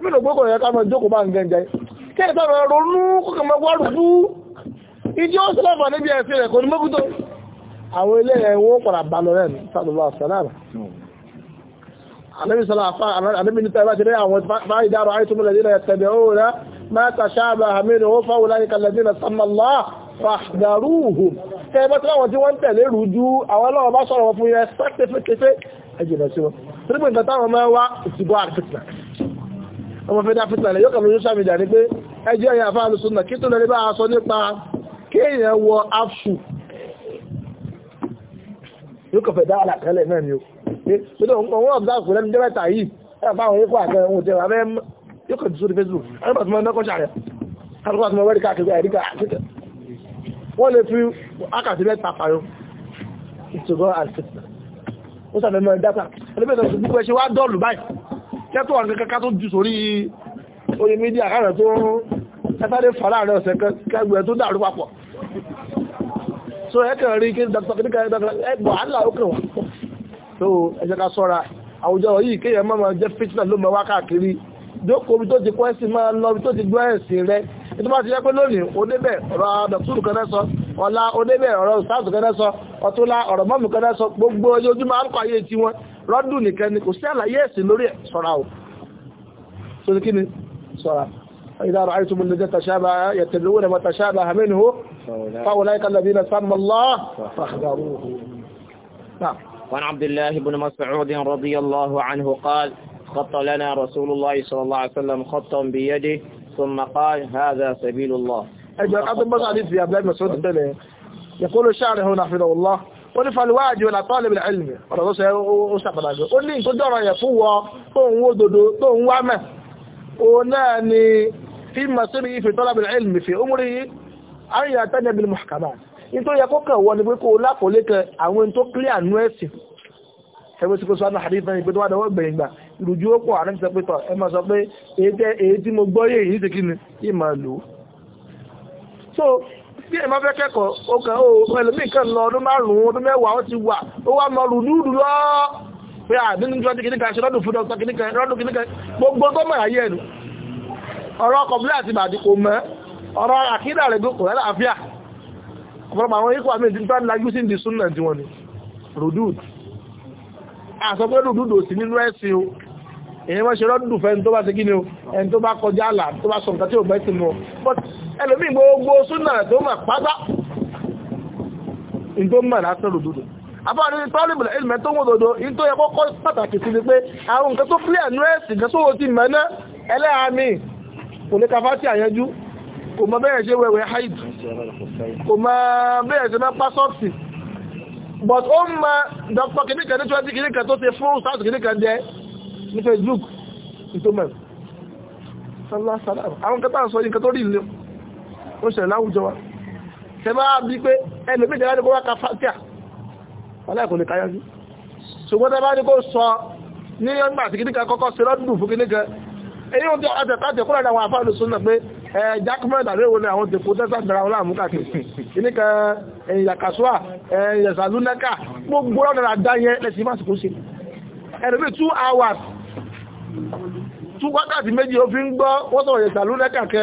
mẹ́rin ògbókò yẹn ká máa jòkó bá ń gẹ́ǹjẹ́ kẹ́ẹ̀ tó rọ̀ ronú kókè máa wá rùdú ìjọ ó sẹ́lẹ̀ fún níbi ẹ̀sìn rẹ̀ kò ní mọ́kútó àwọn ilé ẹ̀wọ̀n padà bá lọ rẹ̀ sálọ́lá sálàmù àlẹ́bí sálàmù àlẹ́bí nípa ẹ̀bá ti rí àwọn báyìí dárò àìsùn mọ́lẹ̀ ما تشابه منه فأولئك الذين سمى الله فاحذروهم tẹ́ bá tí wọ́n tí wọ́n ń tẹ̀lé rújú àwọn ọlọ́wọ́ bá sọ̀rọ̀ fún yẹn sẹ́kẹ́ fẹ́kẹ́fẹ́ ẹjìnà sí wọn tírípù ìgbà táwọn máa wá ìtìgbọ́ àfitna ọmọ fẹ́ dá fitna lè yọ́kà lójú sàmìdà ní pé ẹjẹ́ ẹ̀yà àfáàlù súnà kí tó lè bá sọ nípa kéèyàn wọ afṣù yóò kọ̀fẹ́ dá àlàkálẹ̀ yóò kàn sórí facebook alùpàá tí wọ́n náà kọ́ṣà rẹ̀ alùpàá tí wọ́n wẹ́rí káàkiri àìríkà àtìkẹ̀ wọ́n lè fi ákàtí mẹ́ta pààyọ ìtògọ́ àìsìkà ó sàfẹ́ mọ́ ìdáta ẹlẹ́bẹ̀ẹ́ta sí gbogbo ẹṣẹ́ wá dọ́ọ̀lù báyìí kẹ́tọ́ wọn kẹ́kẹ́ tó jù sórí oye mídíà kárẹ̀ tó kẹtàlé fàlà rẹ̀ ọ̀sẹ̀ kẹgbẹ̀ẹ́ tó dàrú papọ̀ so ẹkẹ̀ rí kí dàgbàkìdíkà wàhálà ó kẹwàá so ẹjẹ́ ká sọ́ra àwùjọ yìí kéèyàn mọ́ jẹ́ fitna ló mọ́ wákàkiri jókòó tó ti kwẹ́sì máa lọ tó ti gbọ́ ẹ̀sìn rẹ nítorí bá ti yẹ pé lónìí oníbẹ̀ ọ̀rọ̀ dọ̀túrù kan sọ ọ̀la oníbẹ̀ ọ̀rọ̀ sáàtù kan sọ ọ̀túnla ọ̀rọ̀ mọ́mù kan sọ gbogbo ojoojúmọ́ àrùkọ ayé tí wọ́n rọ́dùn nìkan ni kò إذا رأيتم الذين تشابه يتبعون ما تشابه منه فأولئك الذين سمى الله فاحذروه نعم وعن عبد الله بن مسعود رضي الله عنه قال خط لنا رسول الله صلى الله عليه وسلم خطا بيده ثم قال هذا سبيل الله أجل قد بقى حديث يا بلاد مسعود الدنيا يقول الشاعر هنا حفظه الله wọ́n fa alwáàdì wọn àtọ́lẹ̀ ìbìlẹ̀ ilmi ọ̀rọ̀ tó ṣe ó sàpàdàgbé ó ní tó dọ̀rọ̀ yẹ fún wọ tó ń wó dodo tó ń wá mẹ́ o náà ni fi mọ̀ sí ní ìfẹ́ tọ́lẹ̀ ìbìlẹ̀ ilmi fi umri ayé àtẹ́jẹ̀ bil muhkamat ní tó yẹ kó kẹwọ́ ni pé kó lápòlé kẹ àwọn tó clear nú ẹ̀sìn ẹgbẹ́ sí kó sọ ánà àdífẹ́ ìpé tó wà dọwọ́ gbẹ̀yìn gbà ìrùjú ó pọ̀ àrẹ́ sọ pé tọ̀ sọ pé èyí tí mo gbọ́ yé yìí ti kí ni yìí lò ó so bí ẹ máa fẹ́ kẹ́kọ̀ọ́ ó kàn ó ẹlòmíì kan lọ ọdún márùn-ún ọdún mẹ́wàá ó ti wà ó wá lọ rùdúrù lọ pé àdínú tí wọ́n ti kìnnìkan ṣe lọ́dún fún dọ́kítà kìnnìkan lọ́dún kìnnìkan gbogbo tó mọ̀ ayé ẹnu ọ̀rọ̀ kọ̀bílẹ̀ àti ìbàdí kò mọ́ àsọpẹ́ dùdùdù sí nínú ẹ̀sìn o èyí wọ́n ṣe rọ́dùdù fẹ́ tó bá ti kí ni o ẹni tó bá kọjá àlà tó bá sọ nǹkan tí ò bẹ́ sí mọ́ but ẹlòmíì gbogbo súnà tó mà pátá ní tó mọ̀ lásán dùdùdù àbáwọn ní tọ́lìbù ilmẹ̀ tó wọ́n dòdò in tó yẹ kọ́kọ́ pàtàkì sí ni pé àwọn nǹkan tó pílẹ̀ ẹ̀nú ẹ̀sì gẹ́sọ́wọ́ ti mẹ́ná ẹlẹ́àmì kò ní kafá tí àyẹjú kò mọ bẹ́ẹ̀ ṣe wẹ̀wẹ̀ haid kò mọ bẹ́ẹ̀ ṣe mẹ́pá sọ́ọ̀sì but ó ma dr kìníkà ní 20 kìníkà tó ṣe fún south kìníkà jẹ́ ní facebook ìtòmọ̀ àwọn kẹta sọ yínká tó rí ilé ó ṣẹlẹ̀ láwùjọ wa ṣe máa bí pé ẹni méjì láti kó wákà fàtíà aláìkò lè káyá sí ṣùgbọ́n tẹ́ bá ní kó sọ ní ọgbà àti kìníkà kọ́kọ́ sí lọ́dún fún kìníkà èyí ó jẹ́ àtẹ̀kọ́ àtẹ̀kọ́ ẹ jákèmọ́ ìdàlẹ́ ìwò ni àwọn tèpo tẹ́sà bẹ̀rẹ̀ àwọn láàmú kàkì ìníkà ìyàkàsúà ìyàsàlúnẹ́kà gbogbo ọ̀nà àdáyẹ lẹ́sìn máa sí ẹ̀rẹ́bí 2 hours 2 wákàtí méjì ó fi ń gbọ́ wọ́n sọ̀rọ̀ ìyàsàlúnẹ́kà kẹ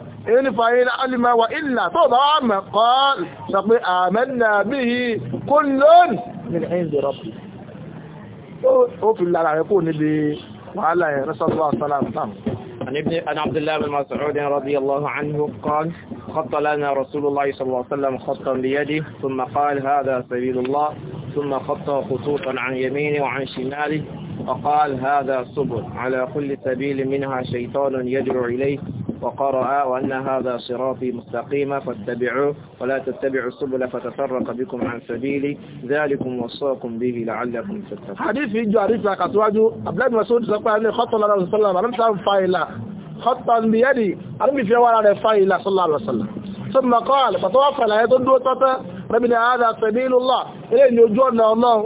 èyí ní fàyín alìmọ̀ wà ìlà tó bá wà mọ̀ kọ́ sọ pé àmẹ́nà bí i kó lónìí min ẹ̀yìn dẹ̀rọ̀pù ó fi lára rẹ̀ kó níbi وعلى رسول الله صلى الله عليه وسلم عن ابن عن عبد الله بن مسعود رضي الله عنه قال خط لنا رسول الله صلى الله عليه وسلم خطا بيده ثم قال هذا سبيل الله ثم خط خطوطا عن يمينه وعن شماله وقال هذا سبل على كل سبيل منها شيطان يجر إليه وقرأ وأن هذا صراطي مستقيما فاتبعوه ولا تتبعوا السبل فتفرق بكم عن سبيلي ذلكم وصاكم به لعلكم تتقون حديث يجو عريف أكتواجو أبلاد مسعود سقوى أنه خط الله عليه وسلم فايلة خطا بيدي ألم في وراء فايلة صلى الله عليه وسلم ثم قال فتوفى لا يدندو تتا ربنا هذا سبيل الله إليه يجونا الله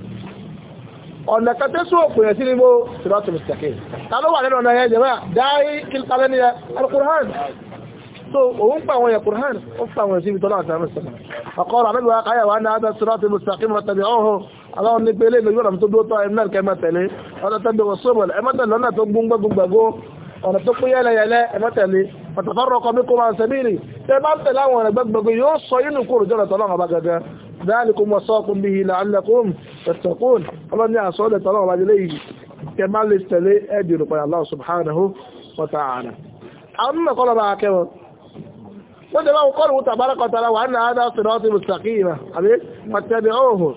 ọ̀nà kan tẹ́sù òpìnà sí níbo siratu mustaqim ta ló wà nínú ọ̀nà yẹn jẹ́mọ́ dáyé kílkalẹ́ ní al-Qur'an so òun pa àwọn yẹn Qur'an ó pa àwọn ìsinmi tọ́lá àtàrí mustaqim ọkọ̀rọ̀ àmẹ́gbẹ̀ akáyà wà náà siratu mustaqim rọ̀tẹ̀bẹ̀ ọ̀hún aláwọn ní pélé ìlú yọ̀nà tó dúró tọ́ ẹ̀mí náà kẹ́mẹ́ tẹ̀lé ọ̀nà tẹ́bẹ̀ wọ sóbọ̀ ẹ̀mẹ́tẹ̀ lọ́nà tó gbúngbẹ́ gbogbo ọ̀nà tó pín yẹ́lẹ̀ yẹ́lẹ́ ẹ̀mẹ́tẹ̀lé pàtàkì ọkọ̀ mi kó máa ń sẹ́mìrì tẹ́ bá ń tẹ̀lé àwọn ọ̀nà gbẹ́gbẹ́gbẹ́ ذلكم وصاكم به لعلكم تتقون ọlọ́ni àsọ́lẹ̀ tọ́lọ́ ọba jẹ́ léyìí kẹ máa lè tẹ̀lé ẹ̀dì ìrùpẹ̀ Allah subhanahu wa ta'ala àwọn mímọ̀ kọ́lọ̀ bá kẹwọ́ wọ́n tẹ́ bá wọ́n kọ́lù tabaraka ta'ala wà ní àádá sirati mustaqima àbí fattabi'uhu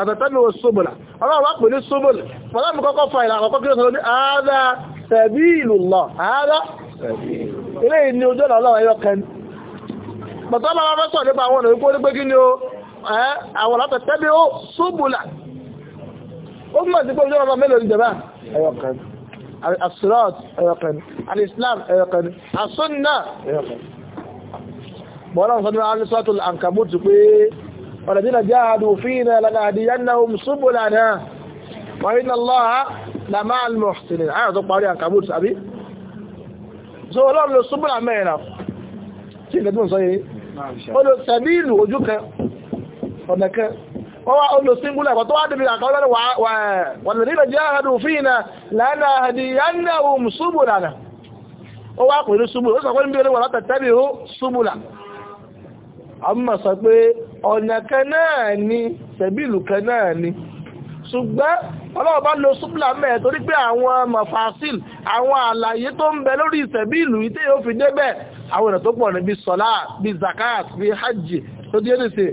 àtàtàbíwò subula ọlọ́run wá pè ní subul fọlọ́mù kọ́kọ́ fa ìlà àkọ́kọ́ kí ó sọ ní àádá sabilullah àádá ilé ìní ojú ọ̀nà ọlọ́run ẹyọ kẹni bàtọ́ bá wọ́n fẹ́ sọ nípa àwọn ọ̀nà wípé ó ní pé kí ni ó àwọn látẹ̀tẹ́bí ó ṣúbùlà ó mọ̀ sí pé ìjọba ọmọ mélòó ìjọba ẹyọkan asirat ẹyọkan alislam ẹyọkan asunna ẹyọkan bọ́lá ọ̀sán ní alìsọ́tù àǹkàbútù pé ọ̀rẹ̀dínà jáàdù fíìnà lánàdìyànnàhùn ṣúbùlà náà wọ́n iná lọ́ha lámà alìmọ̀sìnì àyà tó parí àǹkàbútù àbí so ọlọ́run ló ṣúbùlà mẹ́rin náà tí ìgbẹ̀dùn sọ yìí ó lọ sẹ̀bí ìlú ojú kan ọ̀nà kan wọ́n wá olò singular kan tó wá débi àkọ́ lọ́dọ̀ wọ́n lè nílò jẹ́ àádùn fíìnà lánà àdìyànnà ohun súbùlà nà ó wá pẹ̀lú súbùlà ó sọ pé níbi olówó látà tẹ́bì ó súbùlà ọmọ sọ pé ọ̀nà kan náà ni tẹ̀bílù kan náà ni ṣùgbọ́n ọlọ́ọ̀bá lo súbùlà mẹ́ẹ̀ torí pé àwọn àlàyé tó ń bẹ lórí ìtẹ̀bílù ìtẹ́ yóò fi débẹ̀ àwọn ọ̀nà tó pọ̀ ní bí sọlá bí zakat bí hajj tó dé nìsín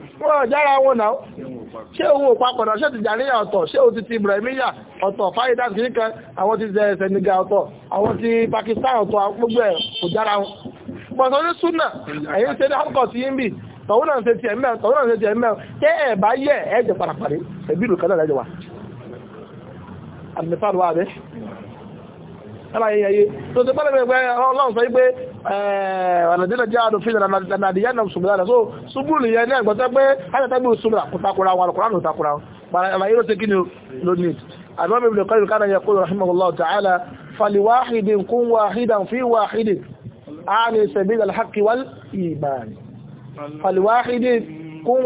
wọ́n jára wọn náà ṣé owó papọ̀dà ṣé ti jàníyà ọ̀tọ̀ ṣé o ti ti Ibrahimiya ọ̀tọ̀ fáyidá kìí kan àwọn ti Senegal ọ̀tọ̀ àwọn ti Pakistan ọ̀tọ̀ gbogbo ẹ̀ kò jára wọn bọ̀sọ̀ ní súnà ẹ̀yìn ṣe ní àkọ́kọ́ ti yín bì tọ̀wọ́n náà ṣe ti ẹ̀mẹ́ tọ̀wọ́n náà ṣe ti ẹ̀mẹ́ tẹ́ ẹ̀ bá yẹ ẹ̀jẹ̀ parapàdé ẹ̀bí ìlú kan náà lẹ́jọ wa àmì aláyẹyẹ tó ti pẹ́lẹ̀gbẹ̀ ọlọ́run sọ wípé eh, ọ̀nàdínlẹ̀ jẹ́ àdòfin nàdìyàn náà ṣùgbọ́n náà so ṣubú nìyẹn ní ẹ̀gbọ́n tẹ́ pé ayẹ́tẹ́gbẹ̀ òṣùmọ̀ kòtàkùnra wọn àlùkùnrin òtàkùnra wọn àlàyé ló ti kí ni ló ní àbẹ́mọ̀ ibùdó kọ́lù kánà yẹ kó rahimahullahu ani sabil alhaqi wal iman faliwahidin kun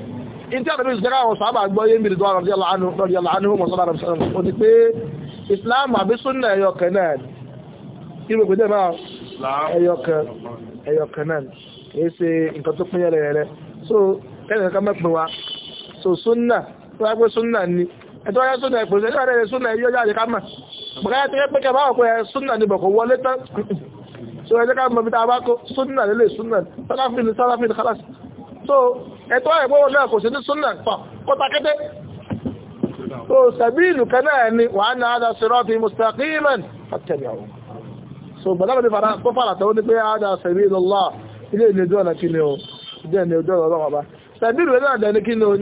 in tí a tàbí ìṣẹ́ká àwọn sábà gbọ́ yé mìíràn dọ́wọ́ lọ́dí aláàánú islam àbí súnà ẹ̀yọkẹ̀ náà kí ló gbẹ́dẹ̀ náà ẹ̀yọkẹ̀ náà kìí ṣe nǹkan tó pín yẹrẹ so kẹ́lẹ̀ kankan mẹ́pin so súnà tó wá pé ni ẹ̀tọ́ yẹ súnà ìpèsè ní ọ̀rẹ́ súnà yíyọ́ jáde ká mọ̀ bọ̀kẹ́ tí pé kẹ́ ni bọ̀kọ̀ wọlé so ẹ̀jẹ̀ ká mọ̀ bí ta bá kó súnà lélẹ̀ súnà so ẹ̀tọ́ ẹ̀gbọ́n náà kò sí ní súnà tọ̀ kọ́ta kété tó sàbí ìlú kan ni wà á náà sọ̀rọ̀ ti mustaqiman àtẹ̀lẹ̀ àwọn so gbọ́dọ̀ bí fara kó fara tó ní pé á dá sàbí ìlú lọ ilé ìlú ìjọ náà kí ni o ìdí ẹni ìjọ náà lọ́wọ́ bá sàbí ìlú náà dẹni kí ni o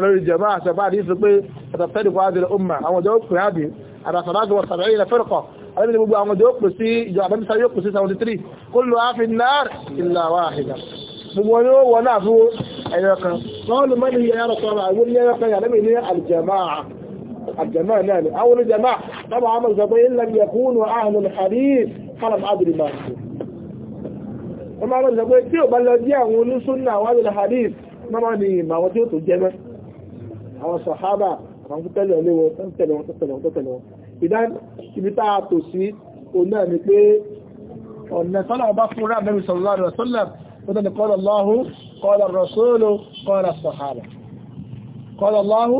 lórí jamaa sàbá àdìsí pé àtàtẹ́dìkọ́ àdìrẹ́ umma àwọn jẹ́ òkú àdì àdàsàdàgbọ̀ sàbẹ̀yìn fẹ́rẹ̀kọ̀ àbí ní gbogbo àwọn ọjọ́ pè sí ìjọ àbẹ́mísà yóò pè sí 73 kullu àfin náà ìlà wahida gbogbo wọn yóò wọ náà fún ẹyọ kan wọn lè mọ́ ní ẹyọ kan àwọn ní ẹyọ kan yàrá mi ní aljamaa aljamaa náà ni àwọn jamaa tábà àwọn ìjọba yìí lẹ́nu yakunu ahlul hadith falam adri ma ṣe wọ́n máa lọ́dún sọ pé tí ò bá lọ jẹ́ àwọn onísúnnà àwọn àjọ̀lá ibi tá a tò sí òun náà ni pé ọ̀nà tọ́lá ọba fún rá mẹ́rin sallallahu alaihi wasallam wọ́n ni qala Allahu qala ar-rasulu qala as-sahaba qala Allahu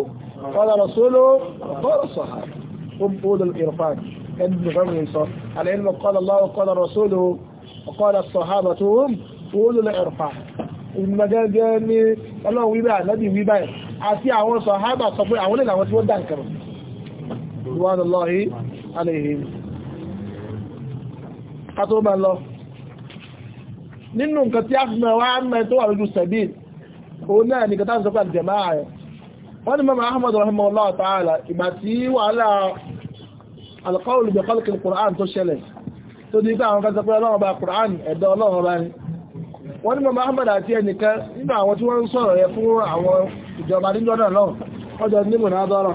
qala ar-rasulu qala as-sahaba قبول الإرفان ابن غميصة قال الله وقال رسوله وقال الصحابة هم قول الإرفان المجال جاني الله ويبع نبي ويبع عسي عوان صحابة صفوي عوان العوان تودان كمان رضوان الله عليهم أطلب الله nínú nǹkan tí a fi mẹ́ wá mẹ́ tó wà lójú sẹ̀bíl òun náà ni kàtà ìsọ́pàá jẹ̀máà ẹ̀ wọ́n ni mọ́mọ̀ ahmad rahimahullah ta'ala ìgbà tí wàhálà alqawl bi khalqi alquran tó ṣẹlẹ̀ tó di pé àwọn kan sọ pé ọlọ́run bá quran ẹ̀dọ́ ọlọ́run bá ní wọ́n ni mọ́mọ̀ ahmad àti ẹnìkan nínú àwọn tí wọ́n ń sọ̀rọ̀ yẹ fún àwọn ìjọba níjọ́ náà lọ́wọ́ wọ́n jọ ní mọ̀nà dọ́rọ̀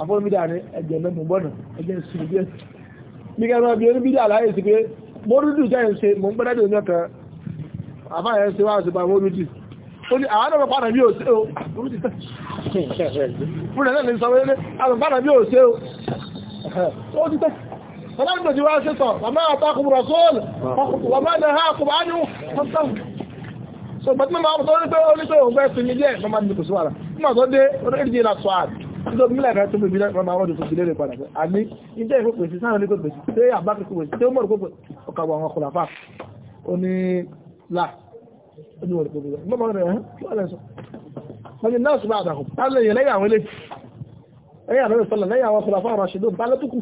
àfọ́nbídà ní ẹgbẹ̀ mẹ́mú bọ́nà ẹgbẹ́ ìsinmi díẹ̀ ní kẹrin ọbí oníbídà láyé sí pé mọ́rúdù jẹ́ ìṣe mọ́ ń gbẹ́dẹ́dẹ̀ ní ọkàn àbáyẹ̀ ṣe wá àṣìbà mọ́rúdù ó ní àwọn ọmọ pàdà bí ó ṣe ó fún ẹ̀lẹ́ ní sọmọ ilé àwọn pàdà bí ó ṣe ó ó ti tẹ́ ọ̀dá ìgbòjì wá ṣe sọ wà máa ta kùbùrọ̀ sóòlù wà máa nà ha kùbà ánú tọ́tọ́ so bàtí mọ́ àwọn tó ní pé ó ní pé òun fẹ́ sinmi díẹ̀ mọ́ máa dìbò sí wàrà mọ́ tó dé ó ní èdè ìlà sọ́àdì tó bí lẹ́ẹ̀kan tó fi bílẹ̀ máa wọ́dù tó fi lérè padà àní ìjẹ́ ìfò pèsè sáà ní kò pèsè tí àbákì kò pèsè tí ó mọ̀rù kò pèsè ọkà àwọn ọkùnrin àfà ó ní là ó ní wọ̀rù kò pèsè mọ́ mọ́rù rẹ̀ ẹ́ kí wọ́n lẹ́ sọ wọ́n ní náà ṣùgbọ́n àtàkùn á lè yẹ lẹ́yìn àwọn ilé ẹ̀yìn àbẹ̀rẹ̀ sọ́lá lẹ́yìn àwọn ọkùnrin àfà àwọn àṣìlò bá lọ́tùkù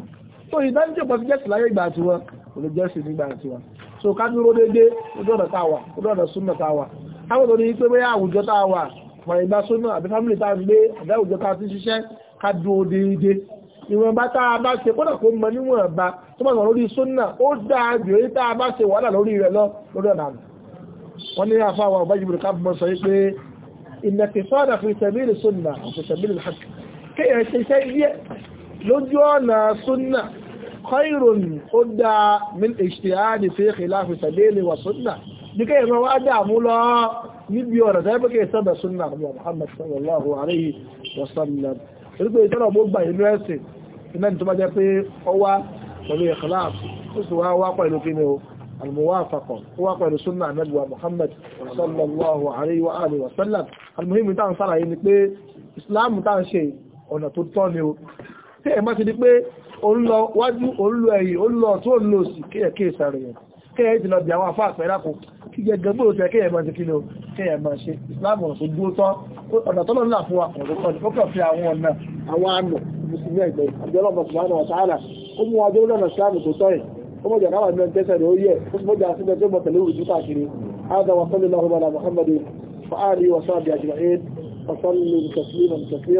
tó ìdájọ́ pọ̀ sí jẹ́sì láyé ìgbà àti wọn kò lè jẹ́sì nígbà àti wọn so ká dúró déédéé ojú ọ̀nà táwa ojú ọ̀nà súnmọ̀ táwa káwọn tó ní pé bóyá mọ̀rẹ̀ ìgbà sóná àbí fámílì tá gbé àdáwùjọ ká ti ṣiṣẹ́ ká dúró déédéé ìwọ̀nba tá a bá ṣe kódà kó mọ níwọ̀n ọba tó bá sọ lórí sóná ó dáa jù èyí tá a bá ṣe wàhálà lórí rẹ̀ lọ lórí ọ̀nà àmì wọ́n ní afá wa ọba jìbìrì káàbọ̀ sọ pé ìnàkìsọ́nà fi tẹ̀mílì sóná fi tẹ̀mílì hàk kéèyàn ṣe iṣẹ́ yẹ lójú ọ̀nà sóná kọ́ìròn ó dáa min ìṣtìhánì fi tẹ̀mílì wà sóná ní kéèyàn wá dààmú lọ níbi ọ̀rọ̀ tẹ́ pẹ́kẹ́ sọ́dọ̀ súnà àbúrò Muhammad sallallahu alayhi wa sallam torípé ìtọ́nà bó gbà inú ẹ̀sìn iná tó bá jẹ́ pé ó wá pẹ̀lú ikhlas ó sì wá wá pẹ̀lú kíni o almuwafaqa ó wá pẹ̀lú súnà àbúrò Muhammad sallallahu alayhi wa alihi wa sallam almuhimmi táwọn sára yìí ni pé Islam táwọn ṣe ó kéyẹ̀ ìtìlọ bí àwọn afá àpẹẹrákò kí gẹ́gẹ́ bó ṣe kéyẹ̀ máa ṣe kí ló kéyẹ̀ máa ṣe ìsìláàmù ọ̀sọ̀ dúó tọ́ ọ̀nà tọ́lọ́ ńlá fún akọ̀rọ̀kọ̀ ní kọ́kọ̀ fi àwọn ọ̀nà rẹ̀ ó yẹ ó sì mọ̀jà sí ọjọ́ mọ̀tẹ̀lẹ́ òrùjú káàkiri هذا وصلى الله على محمد وآله وصحبه